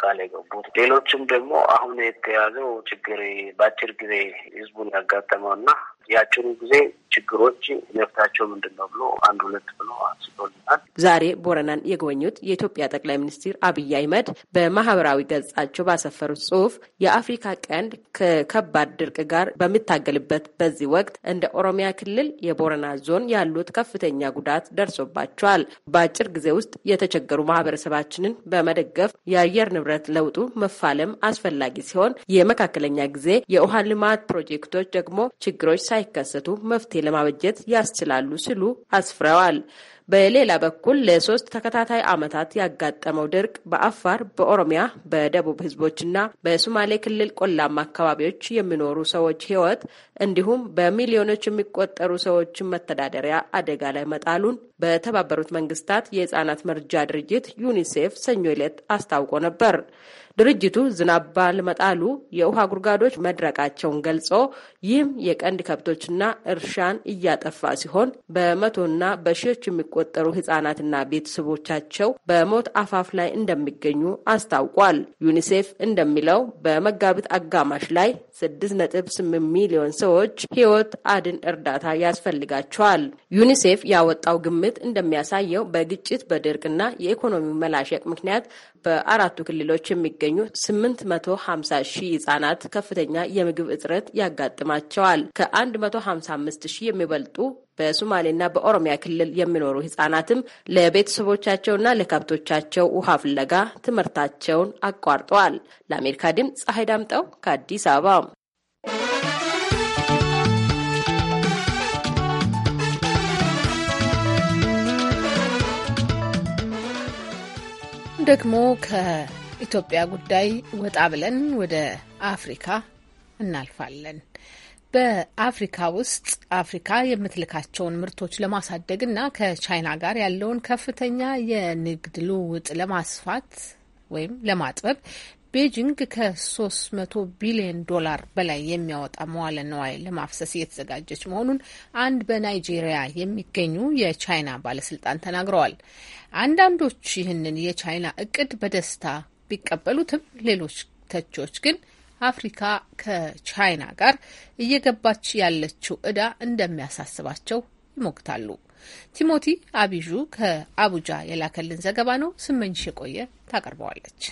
ቃል የገቡት። ሌሎችም ደግሞ አሁን የተያዘው ችግር በአጭር ጊዜ ህዝቡን ያጋጠመው እና። የአጭሩ ጊዜ ችግሮች መፍታቸው ምንድን ነው ብሎ አንድ ሁለት ብሎ አንስቶልናል። ዛሬ ቦረናን የጎበኙት የኢትዮጵያ ጠቅላይ ሚኒስትር አብይ አህመድ በማህበራዊ ገጻቸው ባሰፈሩት ጽሁፍ የአፍሪካ ቀንድ ከከባድ ድርቅ ጋር በሚታገልበት በዚህ ወቅት እንደ ኦሮሚያ ክልል የቦረና ዞን ያሉት ከፍተኛ ጉዳት ደርሶባቸዋል። በአጭር ጊዜ ውስጥ የተቸገሩ ማህበረሰባችንን በመደገፍ የአየር ንብረት ለውጡ መፋለም አስፈላጊ ሲሆን፣ የመካከለኛ ጊዜ የውሃ ልማት ፕሮጀክቶች ደግሞ ችግሮች ሳይ እንዳይከሰቱ መፍትሄ ለማበጀት ያስችላሉ ሲሉ አስፍረዋል። በሌላ በኩል ለሶስት ተከታታይ ዓመታት ያጋጠመው ድርቅ በአፋር፣ በኦሮሚያ፣ በደቡብ ህዝቦችና በሶማሌ ክልል ቆላማ አካባቢዎች የሚኖሩ ሰዎች ህይወት እንዲሁም በሚሊዮኖች የሚቆጠሩ ሰዎችን መተዳደሪያ አደጋ ላይ መጣሉን በተባበሩት መንግስታት የህጻናት መርጃ ድርጅት ዩኒሴፍ ሰኞ ዕለት አስታውቆ ነበር። ድርጅቱ ዝናብ ባለመጣሉ የውሃ ጉድጓዶች መድረቃቸውን ገልጾ ይህም የቀንድ ከብቶችና እርሻን እያጠፋ ሲሆን በመቶና በሺዎች የሚቆጠሩ ህጻናትና ቤተሰቦቻቸው በሞት አፋፍ ላይ እንደሚገኙ አስታውቋል። ዩኒሴፍ እንደሚለው በመጋቢት አጋማሽ ላይ 6.8 ሚሊዮን ሰዎች ህይወት አድን እርዳታ ያስፈልጋቸዋል። ዩኒሴፍ ያወጣው ግምት እንደሚያሳየው በግጭት በድርቅና የኢኮኖሚ መላሸቅ ምክንያት በአራቱ ክልሎች የሚገኙ የሚገኙ 850 ሺህ ህጻናት ከፍተኛ የምግብ እጥረት ያጋጥማቸዋል። ከ155 ሺህ የሚበልጡ በሱማሌና በኦሮሚያ ክልል የሚኖሩ ህጻናትም ለቤተሰቦቻቸውና ለከብቶቻቸው ውሃ ፍለጋ ትምህርታቸውን አቋርጠዋል። ለአሜሪካ ድምፅ ፀሐይ ዳምጠው ከአዲስ አበባ። ደግሞ ከ ኢትዮጵያ ጉዳይ ወጣ ብለን ወደ አፍሪካ እናልፋለን። በአፍሪካ ውስጥ አፍሪካ የምትልካቸውን ምርቶች ለማሳደግና ከቻይና ጋር ያለውን ከፍተኛ የንግድ ልውውጥ ለማስፋት ወይም ለማጥበብ ቤጂንግ ከ300 ቢሊዮን ዶላር በላይ የሚያወጣ መዋለ ነዋይ ለማፍሰስ እየተዘጋጀች መሆኑን አንድ በናይጄሪያ የሚገኙ የቻይና ባለስልጣን ተናግረዋል። አንዳንዶች ይህንን የቻይና እቅድ በደስታ ቢቀበሉትም ሌሎች ተቾች ግን አፍሪካ ከቻይና ጋር እየገባች ያለችው እዳ እንደሚያሳስባቸው ይሞግታሉ። ቲሞቲ አቢዡ ከአቡጃ የላከልን ዘገባ ነው። ስመኝሽ የቆየ ታቀርበዋለች።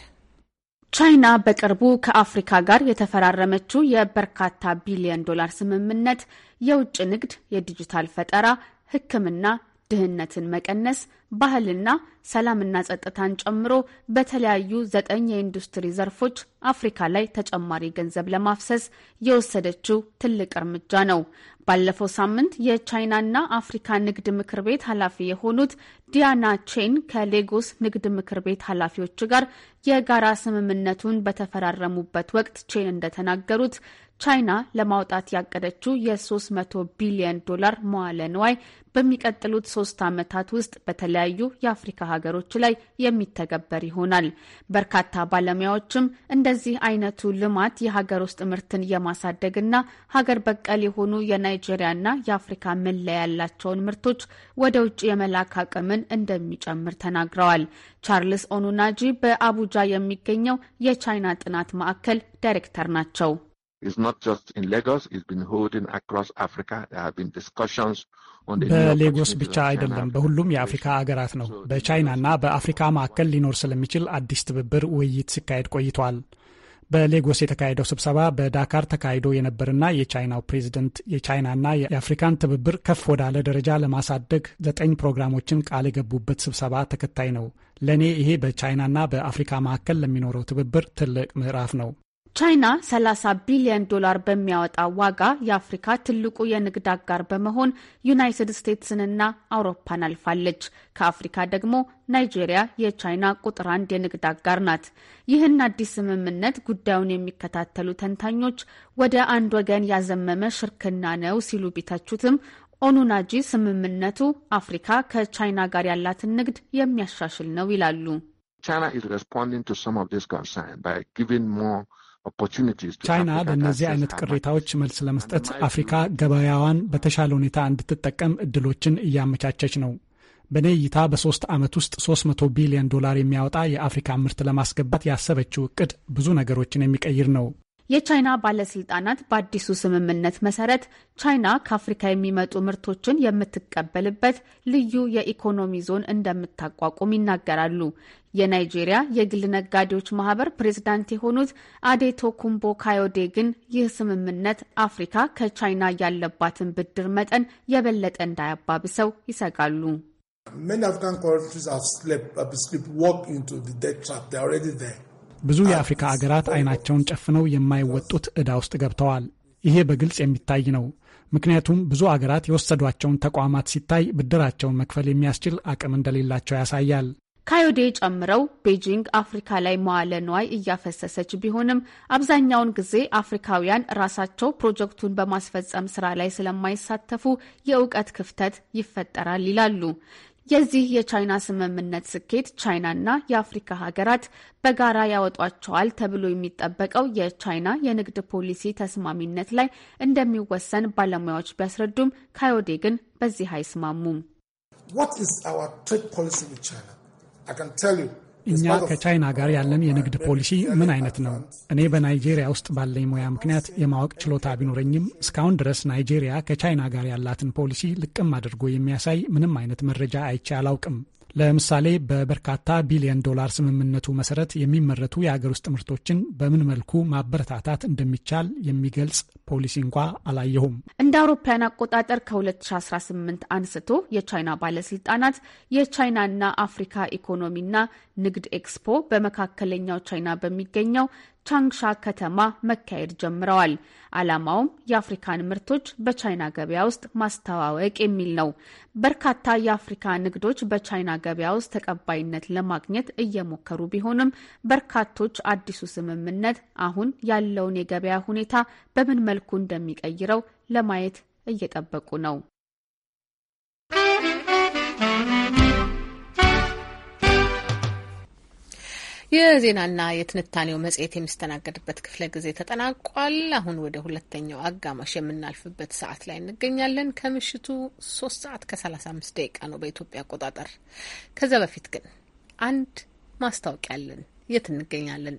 ቻይና በቅርቡ ከአፍሪካ ጋር የተፈራረመችው የበርካታ ቢሊዮን ዶላር ስምምነት የውጭ ንግድ፣ የዲጂታል ፈጠራ፣ ሕክምና፣ ድህነትን መቀነስ ባህልና ሰላምና ጸጥታን ጨምሮ በተለያዩ ዘጠኝ የኢንዱስትሪ ዘርፎች አፍሪካ ላይ ተጨማሪ ገንዘብ ለማፍሰስ የወሰደችው ትልቅ እርምጃ ነው። ባለፈው ሳምንት የቻይናና አፍሪካ ንግድ ምክር ቤት ኃላፊ የሆኑት ዲያና ቼን ከሌጎስ ንግድ ምክር ቤት ኃላፊዎች ጋር የጋራ ስምምነቱን በተፈራረሙበት ወቅት ቼን እንደተናገሩት ቻይና ለማውጣት ያቀደችው የ300 ቢሊዮን ዶላር መዋለ ንዋይ በሚቀጥሉት ሶስት ዓመታት ውስጥ በተለያዩ የአፍሪካ ሀገሮች ላይ የሚተገበር ይሆናል። በርካታ ባለሙያዎችም እንደዚህ አይነቱ ልማት የሀገር ውስጥ ምርትን የማሳደግና ሀገር በቀል የሆኑ የናይጄሪያና የአፍሪካ መለያ ያላቸውን ምርቶች ወደ ውጭ የመላክ አቅምን እንደሚጨምር ተናግረዋል። ቻርልስ ኦኑናጂ በአቡጃ የሚገኘው የቻይና ጥናት ማዕከል ዳይሬክተር ናቸው። በሌጎስ ብቻ አይደለም፣ በሁሉም የአፍሪካ ሀገራት ነው። በቻይናና በአፍሪካ መካከል ሊኖር ስለሚችል አዲስ ትብብር ውይይት ሲካሄድ ቆይቷል። በሌጎስ የተካሄደው ስብሰባ በዳካር ተካሂዶ የነበርና የቻይናው ፕሬዚደንት የቻይናና የአፍሪካን ትብብር ከፍ ወዳለ ደረጃ ለማሳደግ ዘጠኝ ፕሮግራሞችን ቃል የገቡበት ስብሰባ ተከታይ ነው። ለእኔ ይሄ በቻይናና በአፍሪካ መካከል ለሚኖረው ትብብር ትልቅ ምዕራፍ ነው። ቻይና 30 ቢሊዮን ዶላር በሚያወጣ ዋጋ የአፍሪካ ትልቁ የንግድ አጋር በመሆን ዩናይትድ ስቴትስንና አውሮፓን አልፋለች። ከአፍሪካ ደግሞ ናይጄሪያ የቻይና ቁጥር አንድ የንግድ አጋር ናት። ይህን አዲስ ስምምነት ጉዳዩን የሚከታተሉ ተንታኞች ወደ አንድ ወገን ያዘመመ ሽርክና ነው ሲሉ ቢተቹትም ኦኑናጂ ስምምነቱ አፍሪካ ከቻይና ጋር ያላትን ንግድ የሚያሻሽል ነው ይላሉ። ቻይና ለእነዚህ አይነት ቅሬታዎች መልስ ለመስጠት አፍሪካ ገበያዋን በተሻለ ሁኔታ እንድትጠቀም እድሎችን እያመቻቸች ነው። በእኔ እይታ በሶስት ዓመት ውስጥ 300 ቢሊዮን ዶላር የሚያወጣ የአፍሪካ ምርት ለማስገባት ያሰበችው እቅድ ብዙ ነገሮችን የሚቀይር ነው። የቻይና ባለስልጣናት በአዲሱ ስምምነት መሰረት ቻይና ከአፍሪካ የሚመጡ ምርቶችን የምትቀበልበት ልዩ የኢኮኖሚ ዞን እንደምታቋቁም ይናገራሉ። የናይጄሪያ የግል ነጋዴዎች ማህበር ፕሬዝዳንት የሆኑት አዴቶ ኩምቦ ካዮዴ ግን ይህ ስምምነት አፍሪካ ከቻይና ያለባትን ብድር መጠን የበለጠ እንዳያባብሰው ይሰጋሉ። ብዙ የአፍሪካ አገራት አይናቸውን ጨፍነው የማይወጡት ዕዳ ውስጥ ገብተዋል። ይሄ በግልጽ የሚታይ ነው። ምክንያቱም ብዙ አገራት የወሰዷቸውን ተቋማት ሲታይ ብድራቸውን መክፈል የሚያስችል አቅም እንደሌላቸው ያሳያል። ካዮዴ ጨምረው ቤጂንግ አፍሪካ ላይ መዋለ ንዋይ እያፈሰሰች ቢሆንም አብዛኛውን ጊዜ አፍሪካውያን ራሳቸው ፕሮጀክቱን በማስፈጸም ስራ ላይ ስለማይሳተፉ የእውቀት ክፍተት ይፈጠራል ይላሉ። የዚህ የቻይና ስምምነት ስኬት ቻይናና የአፍሪካ ሀገራት በጋራ ያወጧቸዋል ተብሎ የሚጠበቀው የቻይና የንግድ ፖሊሲ ተስማሚነት ላይ እንደሚወሰን ባለሙያዎች ቢያስረዱም ካዮዴ ግን በዚህ አይስማሙም። What is our trade policy with China? እኛ ከቻይና ጋር ያለን የንግድ ፖሊሲ ምን አይነት ነው? እኔ በናይጄሪያ ውስጥ ባለኝ ሙያ ምክንያት የማወቅ ችሎታ ቢኖረኝም እስካሁን ድረስ ናይጄሪያ ከቻይና ጋር ያላትን ፖሊሲ ልቅም አድርጎ የሚያሳይ ምንም አይነት መረጃ አይቼ አላውቅም። ለምሳሌ በበርካታ ቢሊዮን ዶላር ስምምነቱ መሰረት የሚመረቱ የአገር ውስጥ ምርቶችን በምን መልኩ ማበረታታት እንደሚቻል የሚገልጽ ፖሊሲ እንኳ አላየሁም። እንደ አውሮፓውያን አቆጣጠር ከ2018 አንስቶ የቻይና ባለስልጣናት የቻይናና አፍሪካ ኢኮኖሚና ንግድ ኤክስፖ በመካከለኛው ቻይና በሚገኘው ቻንግሻ ከተማ መካሄድ ጀምረዋል። ዓላማውም የአፍሪካን ምርቶች በቻይና ገበያ ውስጥ ማስተዋወቅ የሚል ነው። በርካታ የአፍሪካ ንግዶች በቻይና ገበያ ውስጥ ተቀባይነት ለማግኘት እየሞከሩ ቢሆንም በርካቶች አዲሱ ስምምነት አሁን ያለውን የገበያ ሁኔታ በምን መልኩ እንደሚቀይረው ለማየት እየጠበቁ ነው። የዜናና የትንታኔው መጽሔት የሚስተናገድበት ክፍለ ጊዜ ተጠናቋል። አሁን ወደ ሁለተኛው አጋማሽ የምናልፍበት ሰዓት ላይ እንገኛለን። ከምሽቱ ሶስት ሰዓት ከሰላሳ አምስት ደቂቃ ነው በኢትዮጵያ አቆጣጠር። ከዚያ በፊት ግን አንድ ማስታወቂያ አለን። የት እንገኛለን?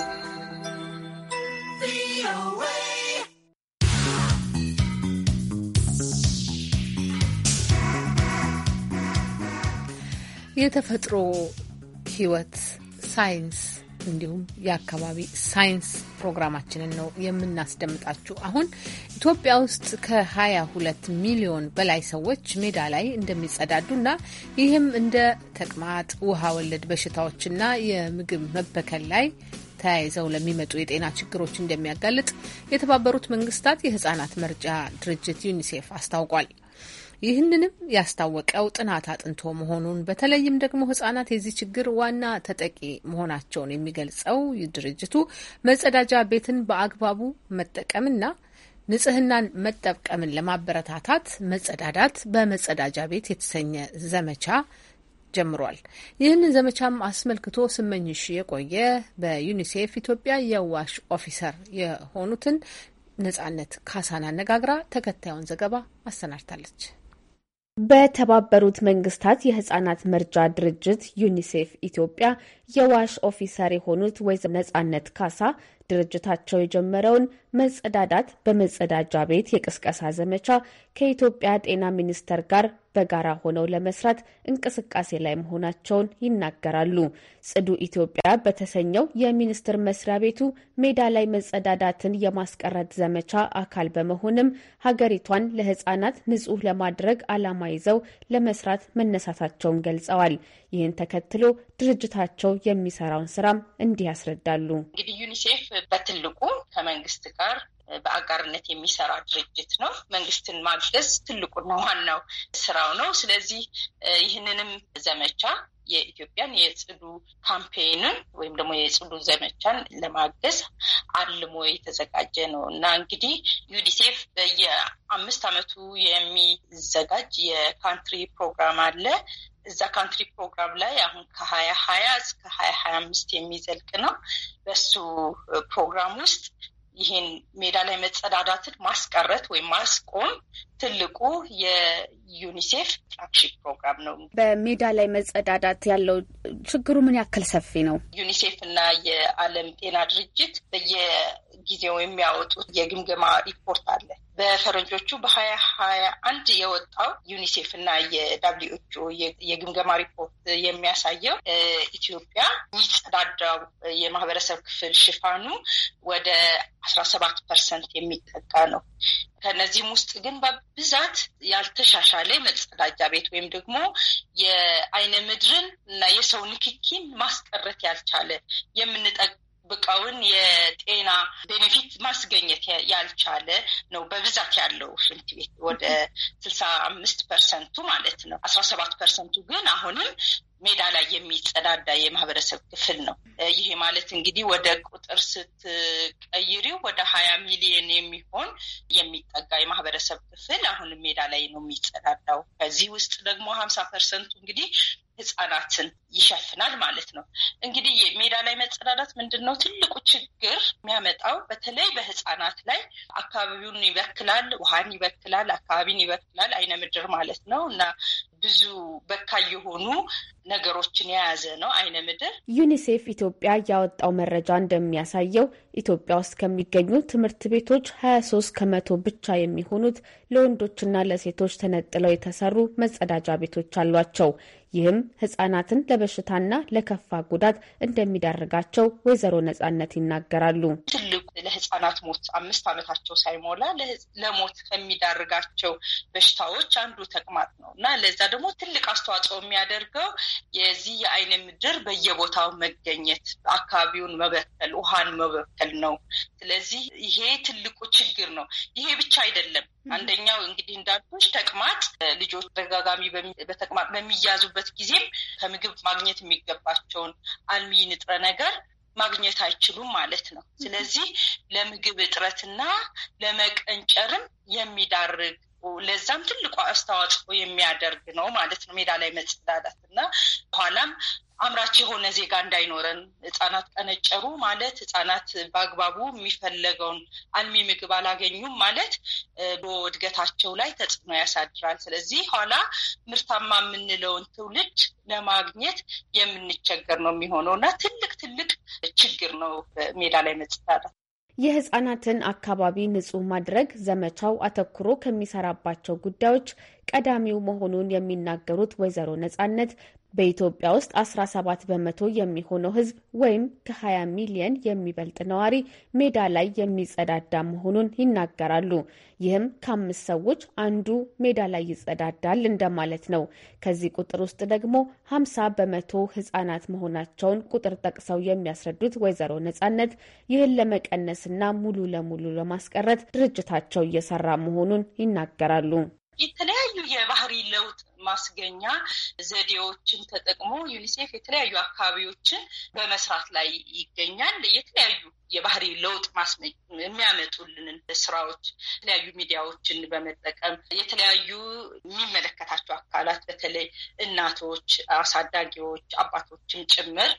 የተፈጥሮ ህይወት ሳይንስ እንዲሁም የአካባቢ ሳይንስ ፕሮግራማችንን ነው የምናስደምጣችሁ። አሁን ኢትዮጵያ ውስጥ ከ22 ሚሊዮን በላይ ሰዎች ሜዳ ላይ እንደሚጸዳዱና ይህም እንደ ተቅማጥ፣ ውሃ ወለድ በሽታዎችና የምግብ መበከል ላይ ተያይዘው ለሚመጡ የጤና ችግሮች እንደሚያጋልጥ የተባበሩት መንግስታት የህጻናት መርጃ ድርጅት ዩኒሴፍ አስታውቋል። ይህንንም ያስታወቀው ጥናት አጥንቶ መሆኑን በተለይም ደግሞ ህጻናት የዚህ ችግር ዋና ተጠቂ መሆናቸውን የሚገልጸው ድርጅቱ መጸዳጃ ቤትን በአግባቡ መጠቀምና ንጽህናን መጠቀምን ለማበረታታት መጸዳዳት በመጸዳጃ ቤት የተሰኘ ዘመቻ ጀምሯል። ይህንን ዘመቻም አስመልክቶ ስመኝሽ የቆየ በዩኒሴፍ ኢትዮጵያ የዋሽ ኦፊሰር የሆኑትን ነጻነት ካሳን አነጋግራ ተከታዩን ዘገባ አሰናድታለች። በተባበሩት መንግስታት የህጻናት መርጃ ድርጅት ዩኒሴፍ ኢትዮጵያ የዋሽ ኦፊሰር የሆኑት ወይዘሮ ነጻነት ካሳ ድርጅታቸው የጀመረውን መጸዳዳት በመጸዳጃ ቤት የቅስቀሳ ዘመቻ ከኢትዮጵያ ጤና ሚኒስቴር ጋር በጋራ ሆነው ለመስራት እንቅስቃሴ ላይ መሆናቸውን ይናገራሉ። ጽዱ ኢትዮጵያ በተሰኘው የሚኒስቴር መስሪያ ቤቱ ሜዳ ላይ መጸዳዳትን የማስቀረት ዘመቻ አካል በመሆንም ሀገሪቷን ለሕፃናት ንጹህ ለማድረግ ዓላማ ይዘው ለመስራት መነሳታቸውን ገልጸዋል። ይህን ተከትሎ ድርጅታቸው የሚሰራውን ስራም እንዲህ ያስረዳሉ። እንግዲህ ዩኒሴፍ በትልቁ ከመንግስት ጋር በአጋርነት የሚሰራ ድርጅት ነው። መንግስትን ማገዝ ትልቁና ዋናው ስራው ነው። ስለዚህ ይህንንም ዘመቻ የኢትዮጵያን የጽዱ ካምፔንን ወይም ደግሞ የጽዱ ዘመቻን ለማገዝ አልሞ የተዘጋጀ ነው እና እንግዲህ ዩኒሴፍ በየአምስት ዓመቱ የሚዘጋጅ የካንትሪ ፕሮግራም አለ። እዛ ካንትሪ ፕሮግራም ላይ አሁን ከሀያ ሀያ እስከ ሀያ ሀያ አምስት የሚዘልቅ ነው። በሱ ፕሮግራም ውስጥ ይሄን ሜዳ ላይ መጸዳዳትን ማስቀረት ወይም ማስቆም ትልቁ ዩኒሴፍ ፍላግሺፕ ፕሮግራም ነው። በሜዳ ላይ መጸዳዳት ያለው ችግሩ ምን ያክል ሰፊ ነው? ዩኒሴፍ እና የዓለም ጤና ድርጅት በየጊዜው የሚያወጡት የግምገማ ሪፖርት አለ። በፈረንጆቹ በሀያ ሀያ አንድ የወጣው ዩኒሴፍ እና የዳብሊዎቹ የግምገማ ሪፖርት የሚያሳየው ኢትዮጵያ የሚጸዳዳው የማህበረሰብ ክፍል ሽፋኑ ወደ አስራ ሰባት ፐርሰንት የሚጠጋ ነው። ከነዚህም ውስጥ ግን በብዛት ያልተሻሻለ መጸዳጃ ቤት ወይም ደግሞ የአይነ ምድርን እና የሰው ንክኪን ማስቀረት ያልቻለ የምንጠብቀውን የጤና ቤኔፊት ማስገኘት ያልቻለ ነው በብዛት ያለው ሽንት ቤት ወደ ስልሳ አምስት ፐርሰንቱ ማለት ነው። አስራ ሰባት ፐርሰንቱ ግን አሁንም ሜዳ ላይ የሚጸዳዳ የማህበረሰብ ክፍል ነው። ይሄ ማለት እንግዲህ ወደ ቁጥር ስትቀይሪው ወደ ሀያ ሚሊየን የሚሆን የሚጠጋ የማህበረሰብ ክፍል አሁንም ሜዳ ላይ ነው የሚጸዳዳው። ከዚህ ውስጥ ደግሞ ሀምሳ ፐርሰንቱ እንግዲህ ህጻናትን ይሸፍናል ማለት ነው። እንግዲህ የሜዳ ላይ መጸዳዳት ምንድን ነው ትልቁ ችግር የሚያመጣው በተለይ በህጻናት ላይ አካባቢውን ይበክላል፣ ውሃን ይበክላል፣ አካባቢን ይበክላል፣ አይነ ምድር ማለት ነው እና ብዙ በካይ የሆኑ ነገሮችን የያዘ ነው አይነ ምድር። ዩኒሴፍ ኢትዮጵያ ያወጣው መረጃ እንደሚያሳየው ኢትዮጵያ ውስጥ ከሚገኙ ትምህርት ቤቶች 23 ከመቶ ብቻ የሚሆኑት ለወንዶችና ለሴቶች ተነጥለው የተሰሩ መጸዳጃ ቤቶች አሏቸው። ይህም ህጻናትን ለበሽታና ለከፋ ጉዳት እንደሚዳርጋቸው ወይዘሮ ነጻነት ይናገራሉ። ትልቁ ለህጻናት ሞት አምስት ዓመታቸው ሳይሞላ ለሞት ከሚዳርጋቸው በሽታዎች አንዱ ተቅማጥ ነው እና ለዛ ደግሞ ትልቅ አስተዋጽኦ የሚያደርገው የዚህ የአይነ ምድር በየቦታው መገኘት፣ አካባቢውን መበከል፣ ውሃን መበከል መካከል ነው። ስለዚህ ይሄ ትልቁ ችግር ነው። ይሄ ብቻ አይደለም። አንደኛው እንግዲህ እንዳልኩሽ ተቅማጥ፣ ልጆች ተደጋጋሚ በተቅማጥ በሚያዙበት ጊዜም ከምግብ ማግኘት የሚገባቸውን አልሚ ንጥረ ነገር ማግኘት አይችሉም ማለት ነው። ስለዚህ ለምግብ እጥረትና ለመቀንጨርም የሚዳርግ ለዛም ትልቁ አስተዋጽኦ የሚያደርግ ነው ማለት ነው። ሜዳ ላይ መጽዳዳት እና በኋላም አምራች የሆነ ዜጋ እንዳይኖረን ህጻናት ቀነጨሩ ማለት ህጻናት በአግባቡ የሚፈለገውን አልሚ ምግብ አላገኙም ማለት በእድገታቸው ላይ ተጽዕኖ ያሳድራል። ስለዚህ ኋላ ምርታማ የምንለውን ትውልድ ለማግኘት የምንቸገር ነው የሚሆነው እና ትልቅ ትልቅ ችግር ነው ሜዳ ላይ መጽዳዳት። የህጻናትን አካባቢ ንጹህ ማድረግ ዘመቻው አተኩሮ ከሚሰራባቸው ጉዳዮች ቀዳሚው መሆኑን የሚናገሩት ወይዘሮ ነጻነት በኢትዮጵያ ውስጥ 17 በመቶ የሚሆነው ህዝብ ወይም ከ20 ሚሊየን የሚበልጥ ነዋሪ ሜዳ ላይ የሚጸዳዳ መሆኑን ይናገራሉ። ይህም ከአምስት ሰዎች አንዱ ሜዳ ላይ ይጸዳዳል እንደማለት ነው። ከዚህ ቁጥር ውስጥ ደግሞ 50 በመቶ ህጻናት መሆናቸውን ቁጥር ጠቅሰው የሚያስረዱት ወይዘሮ ነጻነት ይህን ለመቀነስና ሙሉ ለሙሉ ለማስቀረት ድርጅታቸው እየሰራ መሆኑን ይናገራሉ። የተለያዩ የባህሪ ለውጥ ማስገኛ ዘዴዎችን ተጠቅሞ ዩኒሴፍ የተለያዩ አካባቢዎችን በመስራት ላይ ይገኛል። የተለያዩ የባህሪ ለውጥ የሚያመጡልንን ስራዎች የተለያዩ ሚዲያዎችን በመጠቀም የተለያዩ የሚመለከታቸው አካላት በተለይ እናቶች፣ አሳዳጊዎች፣ አባቶችን ጭምር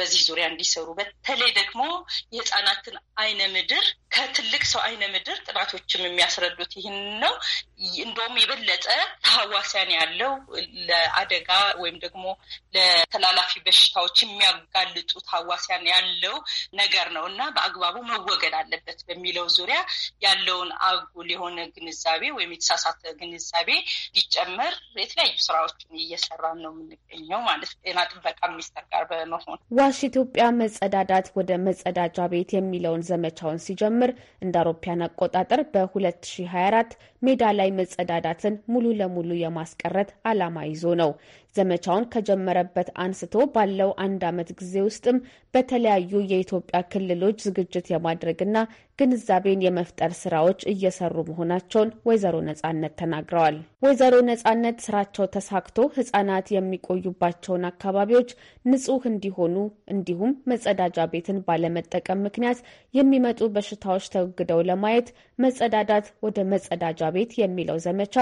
በዚህ ዙሪያ እንዲሰሩ በተለይ ደግሞ የህፃናትን አይነ ምድር ከትልቅ ሰው አይነ ምድር ጥናቶችም የሚያስረዱት ይህን ነው። እንደውም የበለጠ ተሀዋሲያን ያለ ያለው ለአደጋ ወይም ደግሞ ለተላላፊ በሽታዎች የሚያጋልጡ ታዋሲያን ያለው ነገር ነው እና በአግባቡ መወገድ አለበት በሚለው ዙሪያ ያለውን አጉል የሆነ ግንዛቤ ወይም የተሳሳተ ግንዛቤ ሊጨመር የተለያዩ ስራዎችን እየሰራን ነው የምንገኘው ማለት ጤና ጥበቃ ሚኒስቴር ጋር በመሆን ዋሽ ኢትዮጵያ መጸዳዳት ወደ መጸዳጃ ቤት የሚለውን ዘመቻውን ሲጀምር እንደ አውሮፓያን አቆጣጠር በ2024 ሜዳ ላይ መጸዳዳትን ሙሉ ለሙሉ የማስቀረት ዓላማ ይዞ ነው። ዘመቻውን ከጀመረበት አንስቶ ባለው አንድ ዓመት ጊዜ ውስጥም በተለያዩ የኢትዮጵያ ክልሎች ዝግጅት የማድረግና ግንዛቤን የመፍጠር ስራዎች እየሰሩ መሆናቸውን ወይዘሮ ነጻነት ተናግረዋል። ወይዘሮ ነጻነት ስራቸው ተሳክቶ ህጻናት የሚቆዩባቸውን አካባቢዎች ንጹህ እንዲሆኑ እንዲሁም መጸዳጃ ቤትን ባለመጠቀም ምክንያት የሚመጡ በሽታዎች ተወግደው ለማየት መጸዳዳት ወደ መጸዳጃ ቤት የሚለው ዘመቻ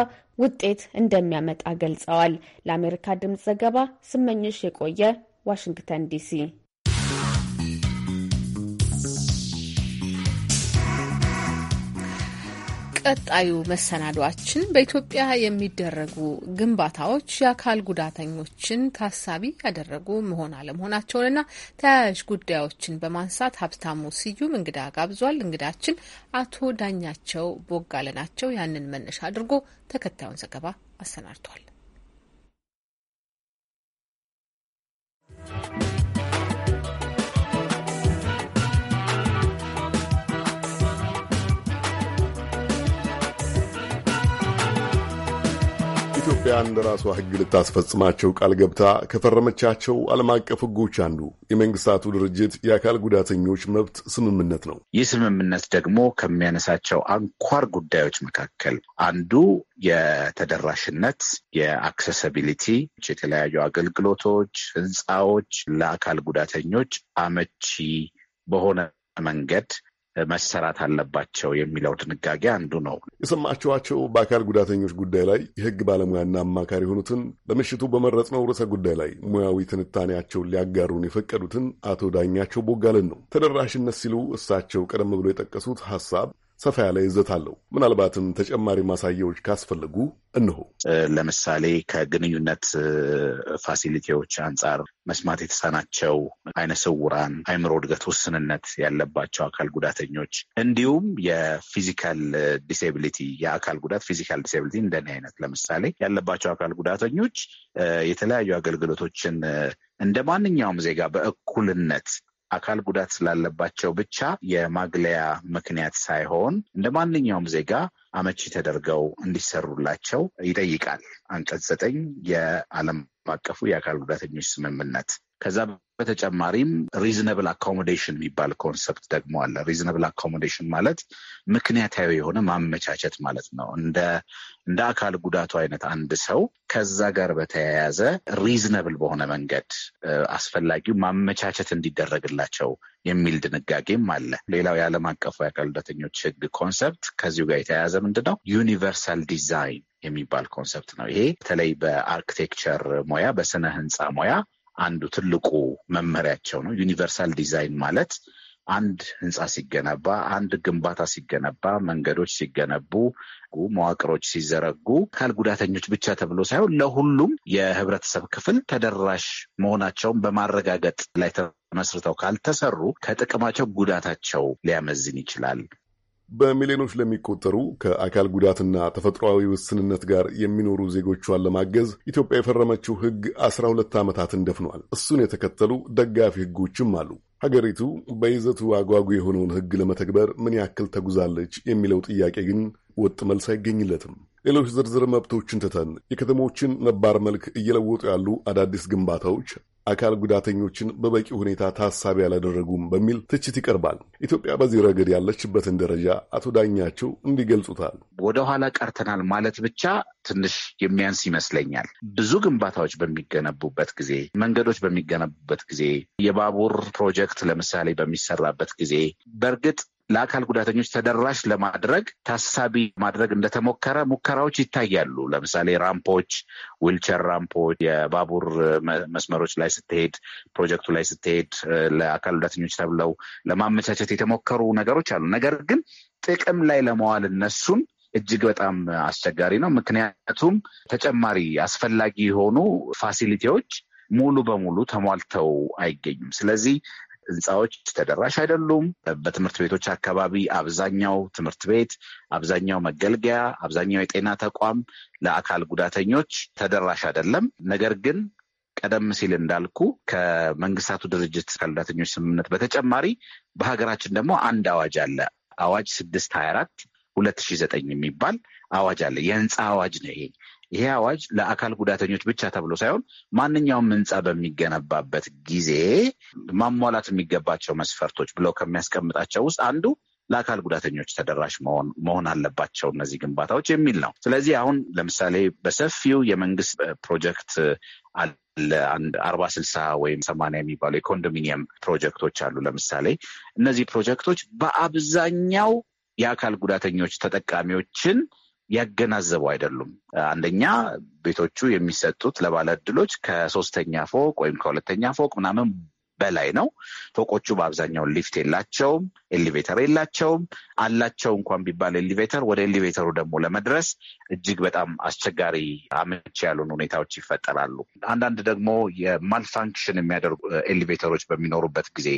ውጤት እንደሚያመጣ ገልጸዋል። ለአሜሪካ ድምፅ ዘገባ ስመኝሽ የቆየ ዋሽንግተን ዲሲ። ቀጣዩ መሰናዷችን በኢትዮጵያ የሚደረጉ ግንባታዎች የአካል ጉዳተኞችን ታሳቢ ያደረጉ መሆን አለመሆናቸውንና ተያያዥ ጉዳዮችን በማንሳት ሀብታሙ ስዩም እንግዳ ጋብዟል። እንግዳችን አቶ ዳኛቸው ቦጋለ ናቸው። ያንን መነሻ አድርጎ ተከታዩን ዘገባ አሰናድቷል። ኢትዮጵያ እንደ ራሷ ሕግ ልታስፈጽማቸው ቃል ገብታ ከፈረመቻቸው ዓለም አቀፍ ሕጎች አንዱ የመንግስታቱ ድርጅት የአካል ጉዳተኞች መብት ስምምነት ነው። ይህ ስምምነት ደግሞ ከሚያነሳቸው አንኳር ጉዳዮች መካከል አንዱ የተደራሽነት፣ የአክሰሰቢሊቲ የተለያዩ አገልግሎቶች፣ ህንፃዎች ለአካል ጉዳተኞች አመቺ በሆነ መንገድ መሰራት አለባቸው የሚለው ድንጋጌ አንዱ ነው። የሰማችኋቸው በአካል ጉዳተኞች ጉዳይ ላይ የህግ ባለሙያና አማካሪ የሆኑትን ለምሽቱ በመረጥነው ርዕሰ ጉዳይ ላይ ሙያዊ ትንታኔያቸውን ሊያጋሩን የፈቀዱትን አቶ ዳኛቸው ቦጋልን ነው። ተደራሽነት ሲሉ እሳቸው ቀደም ብሎ የጠቀሱት ሀሳብ ሰፋ ያለ ይዘት አለው። ምናልባትም ተጨማሪ ማሳያዎች ካስፈለጉ እንሆ ለምሳሌ ከግንኙነት ፋሲሊቲዎች አንጻር መስማት የተሳናቸው፣ አይነ ስውራን፣ አይምሮ እድገት ውስንነት ያለባቸው አካል ጉዳተኞች እንዲሁም የፊዚካል ዲስኤቢሊቲ የአካል ጉዳት ፊዚካል ዲስኤቢሊቲ እንደኔ አይነት ለምሳሌ ያለባቸው አካል ጉዳተኞች የተለያዩ አገልግሎቶችን እንደ ማንኛውም ዜጋ በእኩልነት አካል ጉዳት ስላለባቸው ብቻ የማግለያ ምክንያት ሳይሆን እንደ ማንኛውም ዜጋ አመቺ ተደርገው እንዲሰሩላቸው ይጠይቃል አንቀጽ ዘጠኝ የዓለም አቀፉ የአካል ጉዳተኞች ስምምነት። ከዛ በተጨማሪም ሪዝነብል አኮሞዴሽን የሚባል ኮንሰፕት ደግሞ አለ። ሪዝነብል አኮሞዴሽን ማለት ምክንያታዊ የሆነ ማመቻቸት ማለት ነው። እንደ አካል ጉዳቱ አይነት አንድ ሰው ከዛ ጋር በተያያዘ ሪዝነብል በሆነ መንገድ አስፈላጊው ማመቻቸት እንዲደረግላቸው የሚል ድንጋጌም አለ። ሌላው የዓለም አቀፉ የአካል ጉዳተኞች ህግ ኮንሰፕት ከዚሁ ጋር የተያያዘ ምንድን ነው ዩኒቨርሳል ዲዛይን የሚባል ኮንሰፕት ነው። ይሄ በተለይ በአርክቴክቸር ሙያ፣ በስነ ህንፃ ሙያ አንዱ ትልቁ መመሪያቸው ነው። ዩኒቨርሳል ዲዛይን ማለት አንድ ህንፃ ሲገነባ፣ አንድ ግንባታ ሲገነባ፣ መንገዶች ሲገነቡ፣ መዋቅሮች ሲዘረጉ አካል ጉዳተኞች ብቻ ተብሎ ሳይሆን ለሁሉም የህብረተሰብ ክፍል ተደራሽ መሆናቸውን በማረጋገጥ ላይ መስርተው ካልተሰሩ ከጥቅማቸው ጉዳታቸው ሊያመዝን ይችላል። በሚሊዮኖች ለሚቆጠሩ ከአካል ጉዳትና ተፈጥሯዊ ውስንነት ጋር የሚኖሩ ዜጎቿን ለማገዝ ኢትዮጵያ የፈረመችው ሕግ አስራ ሁለት ዓመታትን ደፍኗል። እሱን የተከተሉ ደጋፊ ሕጎችም አሉ። ሀገሪቱ በይዘቱ አጓጉ የሆነውን ሕግ ለመተግበር ምን ያክል ተጉዛለች የሚለው ጥያቄ ግን ወጥ መልስ አይገኝለትም። ሌሎች ዝርዝር መብቶችን ትተን የከተሞችን ነባር መልክ እየለወጡ ያሉ አዳዲስ ግንባታዎች አካል ጉዳተኞችን በበቂ ሁኔታ ታሳቢ አላደረጉም በሚል ትችት ይቀርባል። ኢትዮጵያ በዚህ ረገድ ያለችበትን ደረጃ አቶ ዳኛቸው እንዲገልጹታል። ወደኋላ ቀርተናል ማለት ብቻ ትንሽ የሚያንስ ይመስለኛል። ብዙ ግንባታዎች በሚገነቡበት ጊዜ፣ መንገዶች በሚገነቡበት ጊዜ፣ የባቡር ፕሮጀክት ለምሳሌ በሚሰራበት ጊዜ በእርግጥ ለአካል ጉዳተኞች ተደራሽ ለማድረግ ታሳቢ ማድረግ እንደተሞከረ ሙከራዎች ይታያሉ። ለምሳሌ ራምፖች፣ ዊልቸር ራምፖች የባቡር መስመሮች ላይ ስትሄድ፣ ፕሮጀክቱ ላይ ስትሄድ ለአካል ጉዳተኞች ተብለው ለማመቻቸት የተሞከሩ ነገሮች አሉ። ነገር ግን ጥቅም ላይ ለመዋል እነሱን እጅግ በጣም አስቸጋሪ ነው። ምክንያቱም ተጨማሪ አስፈላጊ የሆኑ ፋሲሊቲዎች ሙሉ በሙሉ ተሟልተው አይገኙም። ስለዚህ ህንፃዎች ተደራሽ አይደሉም። በትምህርት ቤቶች አካባቢ አብዛኛው ትምህርት ቤት፣ አብዛኛው መገልገያ፣ አብዛኛው የጤና ተቋም ለአካል ጉዳተኞች ተደራሽ አይደለም። ነገር ግን ቀደም ሲል እንዳልኩ ከመንግስታቱ ድርጅት አካል ጉዳተኞች ስምምነት በተጨማሪ በሀገራችን ደግሞ አንድ አዋጅ አለ። አዋጅ ስድስት ሀያ አራት ሁለት ሺህ ዘጠኝ የሚባል አዋጅ አለ። የህንፃ አዋጅ ነው ይሄ ይሄ አዋጅ ለአካል ጉዳተኞች ብቻ ተብሎ ሳይሆን ማንኛውም ህንፃ በሚገነባበት ጊዜ ማሟላት የሚገባቸው መስፈርቶች ብለው ከሚያስቀምጣቸው ውስጥ አንዱ ለአካል ጉዳተኞች ተደራሽ መሆን አለባቸው እነዚህ ግንባታዎች የሚል ነው። ስለዚህ አሁን ለምሳሌ በሰፊው የመንግስት ፕሮጀክት አለ አንድ አርባ ስልሳ ወይም ሰማንያ የሚባሉ የኮንዶሚኒየም ፕሮጀክቶች አሉ። ለምሳሌ እነዚህ ፕሮጀክቶች በአብዛኛው የአካል ጉዳተኞች ተጠቃሚዎችን ያገናዘቡ አይደሉም። አንደኛ ቤቶቹ የሚሰጡት ለባለ ከሶስተኛ ፎቅ ወይም ከሁለተኛ ፎቅ ምናምን በላይ ነው። ፎቆቹ በአብዛኛው ሊፍት የላቸውም፣ ኤሊቬተር የላቸውም። አላቸው እንኳን ቢባል ኤሊቬተር ወደ ኤሊቬተሩ ደግሞ ለመድረስ እጅግ በጣም አስቸጋሪ፣ አመቺ ያሉን ሁኔታዎች ይፈጠራሉ። አንዳንድ ደግሞ የማልፋንክሽን የሚያደርጉ ኤሊቬተሮች በሚኖሩበት ጊዜ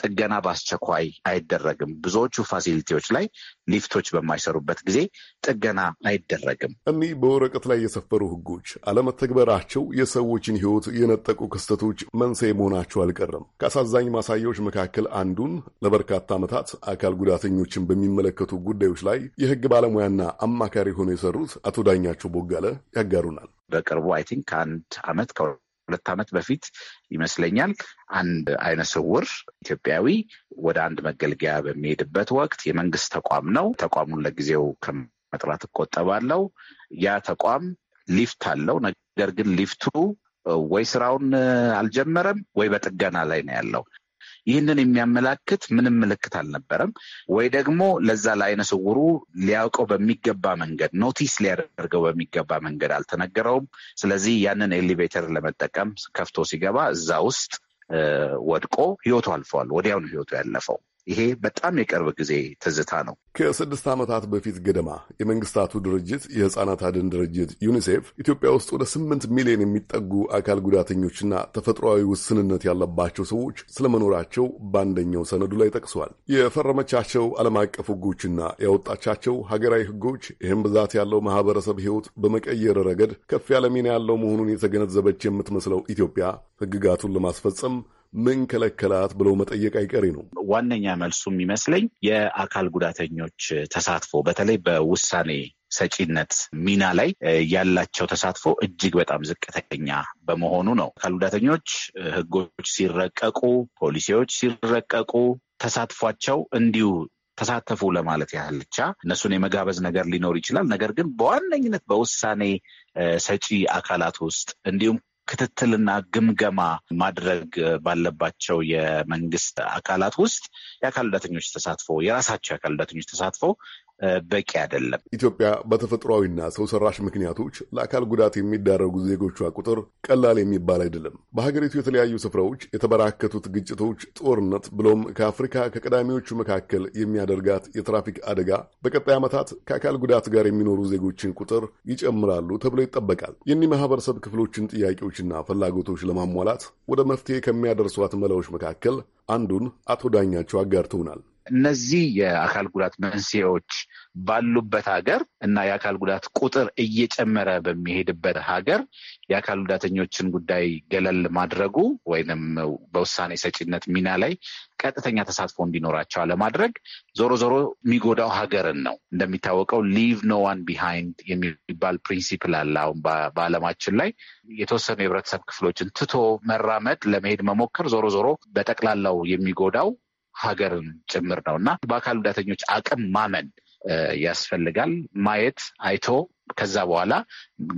ጥገና በአስቸኳይ አይደረግም። ብዙዎቹ ፋሲሊቲዎች ላይ ሊፍቶች በማይሰሩበት ጊዜ ጥገና አይደረግም። እኒህ በወረቀት ላይ የሰፈሩ ሕጎች አለመተግበራቸው የሰዎችን ሕይወት የነጠቁ ክስተቶች መንስኤ መሆናቸው አልቀረም። ከአሳዛኝ ማሳያዎች መካከል አንዱን ለበርካታ ዓመታት አካል ጉዳተኞችን በሚመለከቱ ጉዳዮች ላይ የሕግ ባለሙያና አማካሪ ሆነው የሰሩት አቶ ዳኛቸው ቦጋለ ያጋሩናል። በቅርቡ አይ ቲንክ ከአንድ ዓመት ከሁለት ዓመት በፊት ይመስለኛል አንድ አይነ ስውር ኢትዮጵያዊ ወደ አንድ መገልገያ በሚሄድበት ወቅት የመንግስት ተቋም ነው። ተቋሙን ለጊዜው ከመጥራት እቆጠባለው። ያ ተቋም ሊፍት አለው። ነገር ግን ሊፍቱ ወይ ስራውን አልጀመረም ወይ በጥገና ላይ ነው ያለው። ይህንን የሚያመላክት ምንም ምልክት አልነበረም። ወይ ደግሞ ለዛ ለአይነ ስውሩ ሊያውቀው በሚገባ መንገድ ኖቲስ ሊያደርገው በሚገባ መንገድ አልተነገረውም። ስለዚህ ያንን ኤሊቬተር ለመጠቀም ከፍቶ ሲገባ እዛ ውስጥ ወድቆ ህይወቱ አልፈዋል። ወዲያውኑ ህይወቱ ያለፈው ይሄ በጣም የቅርብ ጊዜ ትዝታ ነው። ከስድስት ዓመታት በፊት ገደማ የመንግስታቱ ድርጅት የህፃናት አድን ድርጅት ዩኒሴፍ ኢትዮጵያ ውስጥ ወደ ስምንት ሚሊዮን የሚጠጉ አካል ጉዳተኞችና ተፈጥሯዊ ውስንነት ያለባቸው ሰዎች ስለመኖራቸው በአንደኛው ሰነዱ ላይ ጠቅሰዋል። የፈረመቻቸው ዓለም አቀፍ ህጎችና ያወጣቻቸው ሀገራዊ ህጎች ይህም ብዛት ያለው ማህበረሰብ ህይወት በመቀየር ረገድ ከፍ ያለ ሚና ያለው መሆኑን የተገነዘበች የምትመስለው ኢትዮጵያ ህግጋቱን ለማስፈጸም ምን ከለከላት ብለው መጠየቅ አይቀሬ ነው። ዋነኛ መልሱ የሚመስለኝ የአካል ጉዳተኞች ተሳትፎ በተለይ በውሳኔ ሰጪነት ሚና ላይ ያላቸው ተሳትፎ እጅግ በጣም ዝቅተኛ በመሆኑ ነው። አካል ጉዳተኞች ሕጎች ሲረቀቁ፣ ፖሊሲዎች ሲረቀቁ ተሳትፏቸው እንዲሁ ተሳተፉ ለማለት ያህል ብቻ እነሱን የመጋበዝ ነገር ሊኖር ይችላል። ነገር ግን በዋነኝነት በውሳኔ ሰጪ አካላት ውስጥ እንዲሁም ክትትልና ግምገማ ማድረግ ባለባቸው የመንግስት አካላት ውስጥ የአካል ጉዳተኞች ተሳትፎ የራሳቸው የአካል ጉዳተኞች ተሳትፎ በቂ አይደለም። ኢትዮጵያ በተፈጥሯዊና ሰው ሰራሽ ምክንያቶች ለአካል ጉዳት የሚዳረጉ ዜጎቿ ቁጥር ቀላል የሚባል አይደለም። በሀገሪቱ የተለያዩ ስፍራዎች የተበራከቱት ግጭቶች፣ ጦርነት ብሎም ከአፍሪካ ከቀዳሚዎቹ መካከል የሚያደርጋት የትራፊክ አደጋ በቀጣይ ዓመታት ከአካል ጉዳት ጋር የሚኖሩ ዜጎችን ቁጥር ይጨምራሉ ተብሎ ይጠበቃል። የኒህ ማህበረሰብ ክፍሎችን ጥያቄዎችና ፍላጎቶች ለማሟላት ወደ መፍትሄ ከሚያደርሷት መላዎች መካከል አንዱን አቶ ዳኛቸው አጋርተውናል። እነዚህ የአካል ጉዳት መንስኤዎች ባሉበት ሀገር እና የአካል ጉዳት ቁጥር እየጨመረ በሚሄድበት ሀገር የአካል ጉዳተኞችን ጉዳይ ገለል ማድረጉ ወይንም በውሳኔ ሰጪነት ሚና ላይ ቀጥተኛ ተሳትፎ እንዲኖራቸው አለማድረግ ዞሮ ዞሮ የሚጎዳው ሀገርን ነው። እንደሚታወቀው ሊቭ ኖ ዋን ቢሃይንድ የሚባል ፕሪንሲፕል አለ። አሁን በዓለማችን ላይ የተወሰኑ የህብረተሰብ ክፍሎችን ትቶ መራመድ ለመሄድ መሞከር ዞሮ ዞሮ በጠቅላላው የሚጎዳው ሀገርን ጭምር ነው እና በአካል ጉዳተኞች አቅም ማመን ያስፈልጋል። ማየት አይቶ ከዛ በኋላ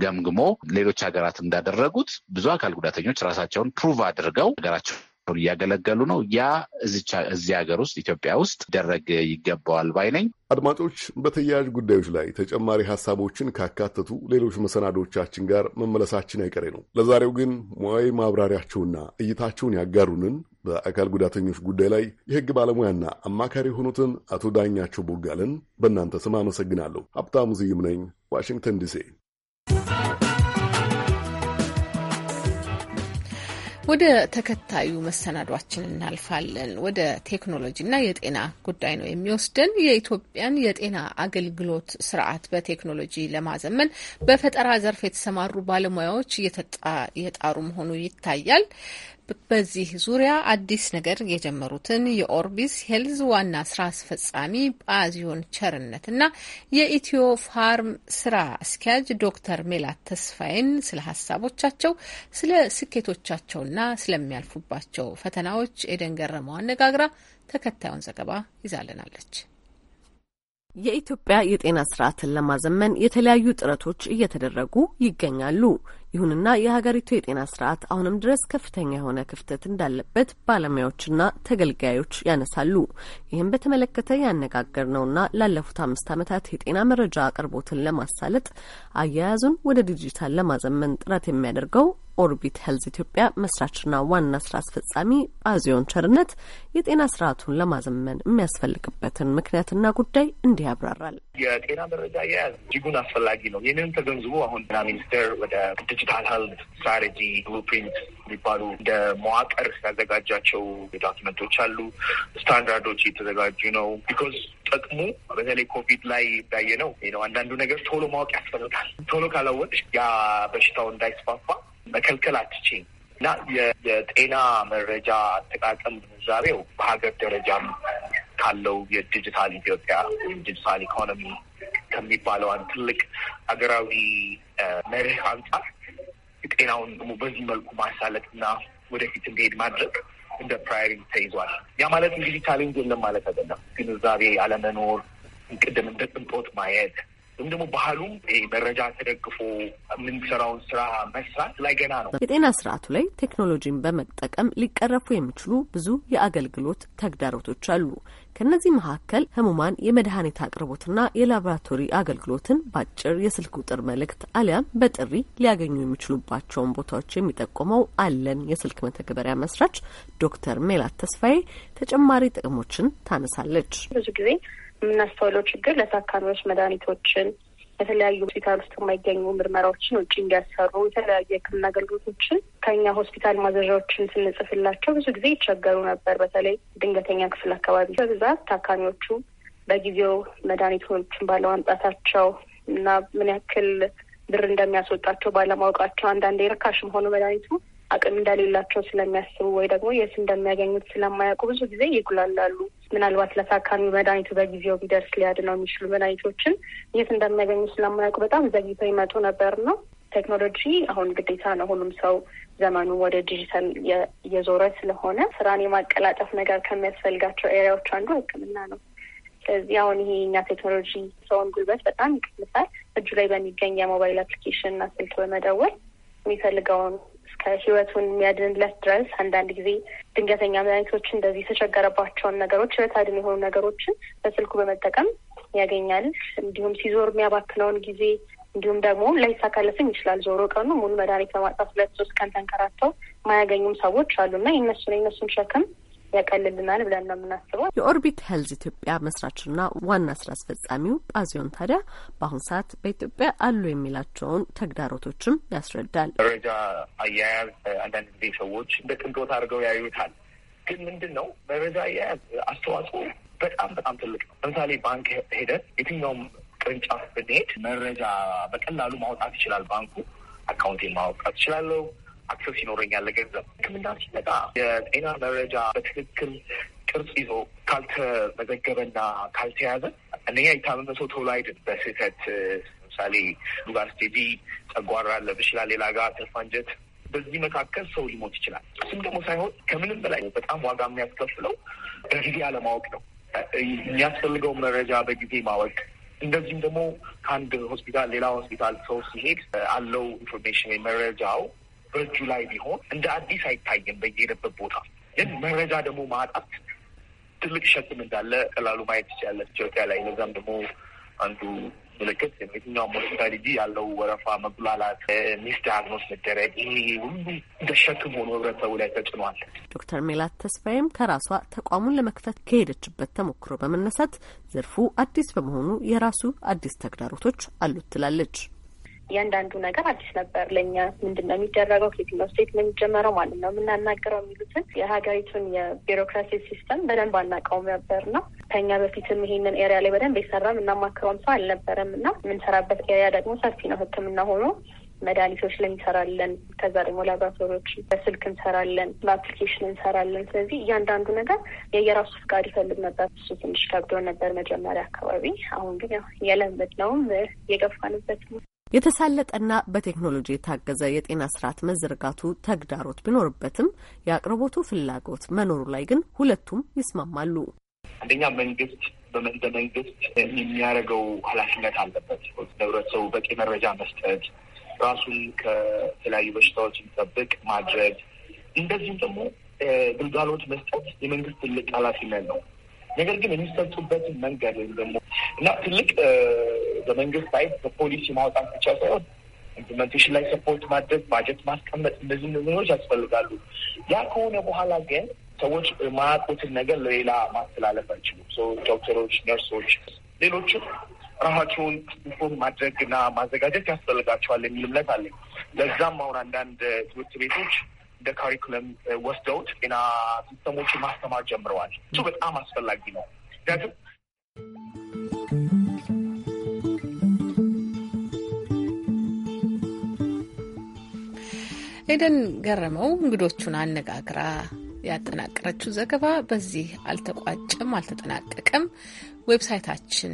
ገምግሞ ሌሎች ሀገራት እንዳደረጉት ብዙ አካል ጉዳተኞች ራሳቸውን ፕሩቭ አድርገው ሀገራቸው እያገለገሉ ነው። ያ እዚህ ሀገር ውስጥ ኢትዮጵያ ውስጥ ደረግ ይገባዋል ባይ ነኝ። አድማጮች፣ በተያያዥ ጉዳዮች ላይ ተጨማሪ ሀሳቦችን ካካተቱ ሌሎች መሰናዶቻችን ጋር መመለሳችን አይቀሬ ነው። ለዛሬው ግን ሙያዊ ማብራሪያቸውና እይታቸውን ያጋሩንን በአካል ጉዳተኞች ጉዳይ ላይ የህግ ባለሙያና አማካሪ የሆኑትን አቶ ዳኛቸው ቦጋልን በእናንተ ስም አመሰግናለሁ። ሀብታሙ ዝይም ነኝ፣ ዋሽንግተን ዲሲ። ወደ ተከታዩ መሰናዷችን እናልፋለን። ወደ ቴክኖሎጂና የጤና ጉዳይ ነው የሚወስደን። የኢትዮጵያን የጤና አገልግሎት ስርዓት በቴክኖሎጂ ለማዘመን በፈጠራ ዘርፍ የተሰማሩ ባለሙያዎች እየጣሩ መሆኑ ይታያል። በዚህ ዙሪያ አዲስ ነገር የጀመሩትን የኦርቢስ ሄልዝ ዋና ስራ አስፈጻሚ ጳዚዮን ቸርነትና የኢትዮ ፋርም ስራ አስኪያጅ ዶክተር ሜላት ተስፋዬን ስለ ሀሳቦቻቸው፣ ስለ ስኬቶቻቸውና ስለሚያልፉባቸው ፈተናዎች ኤደን ገረመው አነጋግራ ተከታዩን ዘገባ ይዛልናለች። የኢትዮጵያ የጤና ስርዓትን ለማዘመን የተለያዩ ጥረቶች እየተደረጉ ይገኛሉ። ይሁንና የሀገሪቱ የጤና ስርዓት አሁንም ድረስ ከፍተኛ የሆነ ክፍተት እንዳለበት ባለሙያዎችና ተገልጋዮች ያነሳሉ። ይህም በተመለከተ ያነጋገር ነውና ላለፉት አምስት ዓመታት የጤና መረጃ አቅርቦትን ለማሳለጥ አያያዙን ወደ ዲጂታል ለማዘመን ጥረት የሚያደርገው ኦርቢት ሄልዝ ኢትዮጵያ መስራችና ዋና ስራ አስፈጻሚ አዚዮን ቸርነት የጤና ስርዓቱን ለማዘመን የሚያስፈልግበትን ምክንያትና ጉዳይ እንዲህ ያብራራል። የጤና መረጃ አያያዝ እጅጉን አስፈላጊ ነው። ይህንን ተገንዝቦ አሁን ጤና ሚኒስቴር ወደ ዲጂታል ሄልዝ ስትራቴጂ ብሉፕሪንት የሚባሉ እንደ መዋቅር ያዘጋጃቸው ዶኪመንቶች አሉ። ስታንዳርዶች የተዘጋጁ ነው። ቢኮዝ ጥቅሙ በተለይ ኮቪድ ላይ እንዳየ ነው ነው አንዳንዱ ነገር ቶሎ ማወቅ ያስፈልጋል። ቶሎ ካላወቅሽ ያ በሽታው እንዳይስፋፋ መከልከል አትችም እና የጤና መረጃ አጠቃቀም ግንዛቤው በሀገር ደረጃም ካለው የዲጂታል ኢትዮጵያ ወይም ዲጂታል ኢኮኖሚ ከሚባለው አንድ ትልቅ ሀገራዊ መርህ አንጻር ጤናውን ደግሞ በዚህ መልኩ ማሳለጥ እና ወደፊት እንዲሄድ ማድረግ እንደ ፕራዮሪቲ ተይዟል። ያ ማለት እንግዲህ ቻሌንጅ የለም ማለት አይደለም። ግንዛቤ አለመኖር፣ ቅድም እንደ ቅንጦት ማየት ወይም ደግሞ ባህሉም መረጃ ተደግፎ የምንሰራውን ስራ መስራት ላይ ገና ነው። የጤና ስርዓቱ ላይ ቴክኖሎጂን በመጠቀም ሊቀረፉ የሚችሉ ብዙ የአገልግሎት ተግዳሮቶች አሉ። ከእነዚህ መካከል ህሙማን የመድኃኒት አቅርቦትና የላቦራቶሪ አገልግሎትን በአጭር የስልክ ቁጥር መልእክት አሊያም በጥሪ ሊያገኙ የሚችሉባቸውን ቦታዎች የሚጠቁመው አለን የስልክ መተግበሪያ መስራች ዶክተር ሜላት ተስፋዬ ተጨማሪ ጥቅሞችን ታነሳለች። ብዙ ጊዜ የምናስተውለው ችግር ለታካሚዎች መድኃኒቶችን የተለያዩ ሆስፒታል ውስጥ የማይገኙ ምርመራዎችን ውጭ እንዲያሰሩ የተለያዩ የሕክምና አገልግሎቶችን ከኛ ሆስፒታል ማዘዣዎችን ስንጽፍላቸው ብዙ ጊዜ ይቸገሩ ነበር። በተለይ ድንገተኛ ክፍል አካባቢ በብዛት ታካሚዎቹ በጊዜው መድኃኒቶችን ባለማምጣታቸው እና ምን ያክል ብር እንደሚያስወጣቸው ባለማወቃቸው አንዳንዴ ርካሽም ሆኖ መድኃኒቱ አቅም እንደሌላቸው ስለሚያስቡ ወይ ደግሞ የት እንደሚያገኙት ስለማያውቁ ብዙ ጊዜ ይጉላላሉ። ምናልባት ለታካሚ መድኃኒቱ በጊዜው ቢደርስ ሊያድነው የሚችሉ መድኃኒቶችን የት እንደሚያገኙት ስለማያውቁ በጣም ዘግይተው ይመጡ ነበር ነው። ቴክኖሎጂ አሁን ግዴታ ነው። ሁሉም ሰው ዘመኑ ወደ ዲጂታል የዞረ ስለሆነ ስራን የማቀላጠፍ ነገር ከሚያስፈልጋቸው ኤሪያዎች አንዱ ሕክምና ነው። ስለዚህ አሁን ይሄ እኛ ቴክኖሎጂ ሰውን ጉልበት በጣም ይቀንሳል። እጁ ላይ በሚገኝ የሞባይል አፕሊኬሽን እና ስልክ በመደወል የሚፈልገውን እስከ ህይወቱን የሚያድንለት ድረስ አንዳንድ ጊዜ ድንገተኛ መድኃኒቶች እንደዚህ የተቸገረባቸውን ነገሮች ህይወት አድን የሆኑ ነገሮችን በስልኩ በመጠቀም ያገኛል። እንዲሁም ሲዞር የሚያባክነውን ጊዜ እንዲሁም ደግሞ ላይሳካለትም ይችላል። ዞሮ ቀኑ ሙሉ መድኃኒት ለማጣት ሁለት ሶስት ቀን ተንከራተው ማያገኙም ሰዎች አሉና የነሱን የነሱን ሸክም ያቀልልናል ብለን ነው የምናስበው። የኦርቢት ሄልዝ ኢትዮጵያ መስራችና ዋና ስራ አስፈጻሚው ጳዚዮን ታዲያ በአሁን ሰዓት በኢትዮጵያ አሉ የሚላቸውን ተግዳሮቶችም ያስረዳል። ደረጃ አያያዝ አንዳንድ ጊዜ ሰዎች እንደ ቅንጦት አድርገው ያዩታል። ግን ምንድን ነው መረጃ አያያዝ አስተዋጽኦ በጣም በጣም ትልቅ ነው። ለምሳሌ ባንክ ሄደን የትኛውም ቅርንጫፍ ብንሄድ መረጃ በቀላሉ ማውጣት ይችላል። ባንኩ አካውንቴን ማውጣት ይችላለሁ አክሰስ ይኖረኛል ለገንዘብ ሕክምና ሲመጣ የጤና መረጃ በትክክል ቅርጽ ይዞ ካልተመዘገበና ካልተያዘ እነኛ የታመመ ሰው ቶሎ አይድን በስህተት ለምሳሌ ሉጋር ስቴጂ ጨጓራ አለብ ሌላ ጋር ተልፋንጀት በዚህ መካከል ሰው ሊሞት ይችላል። እሱም ደግሞ ሳይሆን ከምንም በላይ በጣም ዋጋ የሚያስከፍለው በጊዜ አለማወቅ ነው። የሚያስፈልገው መረጃ በጊዜ ማወቅ እንደዚሁም ደግሞ ከአንድ ሆስፒታል ሌላ ሆስፒታል ሰው ሲሄድ አለው ኢንፎርሜሽን መረጃው በእጁ ላይ ቢሆን እንደ አዲስ አይታይም በየሄደበት ቦታ። ግን መረጃ ደግሞ ማጣት ትልቅ ሸክም እንዳለ ቀላሉ ማየት ይቻላል ኢትዮጵያ ላይ። ለዛም ደግሞ አንዱ ምልክት የትኛውም ሞስታሊጂ ያለው ወረፋ፣ መጉላላት፣ ሚስ ሚስዳያግኖስ መደረግ ይህ ሁሉ እንደ ሸክም ሆኖ ህብረተሰቡ ላይ ተጭኗል። ዶክተር ሜላት ተስፋዬም ከራሷ ተቋሙን ለመክፈት ከሄደችበት ተሞክሮ በመነሳት ዘርፉ አዲስ በመሆኑ የራሱ አዲስ ተግዳሮቶች አሉት ትላለች። እያንዳንዱ ነገር አዲስ ነበር ለእኛ። ምንድን ነው የሚደረገው? ከየትኛው ስቴት ነው የሚጀመረው? ማለት ነው የምናናገረው? የሚሉትን የሀገሪቱን የቢሮክራሲ ሲስተም በደንብ አናውቀውም ነበር ነው ከኛ በፊትም ይሄንን ኤሪያ ላይ በደንብ የሰራም እናማክረውም ሰው አልነበረም እና የምንሰራበት ኤሪያ ደግሞ ሰፊ ነው ህክምና ሆኖ መድኃኒቶች ላይ እንሰራለን። ከዛ ደግሞ ላብራቶሪዎች በስልክ እንሰራለን፣ በአፕሊኬሽን እንሰራለን። ስለዚህ እያንዳንዱ ነገር የየራሱ ፍቃድ ይፈልግ ነበር። እሱ ትንሽ ከብዶ ነበር መጀመሪያ አካባቢ። አሁን ግን ያው የለመድነውም የገፋንበት ነው። የተሳለጠና በቴክኖሎጂ የታገዘ የጤና ስርዓት መዘርጋቱ ተግዳሮት ቢኖርበትም የአቅርቦቱ ፍላጎት መኖሩ ላይ ግን ሁለቱም ይስማማሉ። አንደኛ መንግስት መንግስት የሚያደርገው ኃላፊነት አለበት። ለህብረተሰቡ በቂ መረጃ መስጠት፣ ራሱን ከተለያዩ በሽታዎች የሚጠብቅ ማድረግ፣ እንደዚሁም ደግሞ ግልጋሎት መስጠት የመንግስት ትልቅ ኃላፊነት ነው። ነገር ግን የሚሰጡበትን መንገድ ወይም ደግሞ እና ትልቅ በመንግስት ላይ በፖሊሲ ማውጣት ብቻ ሳይሆን ኢምፕሊመንቴሽን ላይ ሰፖርት ማድረግ ባጀት ማስቀመጥ እነዚህ ነገሮች ያስፈልጋሉ። ያ ከሆነ በኋላ ግን ሰዎች ማያውቁትን ነገር ለሌላ ማስተላለፍ አይችሉም። ዶክተሮች፣ ነርሶች፣ ሌሎችም ራሳቸውን ኢንፎርም ማድረግና ማዘጋጀት ያስፈልጋቸዋል የሚል እምነት አለኝ። ለዛም አሁን አንዳንድ ትምህርት ቤቶች እንደ ካሪኩለም ወስደውት ጤና ሲስተሞችን ማስተማር ጀምረዋል። እሱ በጣም አስፈላጊ ነው። ምክንያቱም ኤደን ገረመው እንግዶቹን አነጋግራ ያጠናቀረችው ዘገባ በዚህ አልተቋጨም፣ አልተጠናቀቀም። ዌብሳይታችን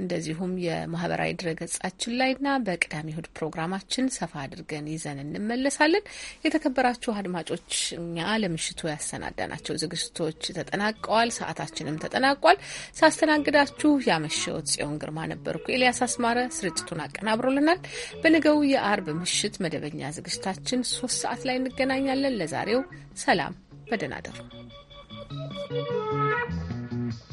እንደዚሁም የማህበራዊ ድረገጻችን ላይና በቅዳሜ እሁድ ፕሮግራማችን ሰፋ አድርገን ይዘን እንመለሳለን። የተከበራችሁ አድማጮች እኛ ለምሽቱ ያሰናዳናቸው ዝግጅቶች ተጠናቀዋል። ሰዓታችንም ተጠናቋል። ሳስተናግዳችሁ ያመሸሁት ጽዮን ግርማ ነበርኩ። ኤልያስ አስማረ ስርጭቱን አቀናብሮልናል። በነገው የአርብ ምሽት መደበኛ ዝግጅታችን ሶስት ሰዓት ላይ እንገናኛለን። ለዛሬው ሰላም፣ በደህና you.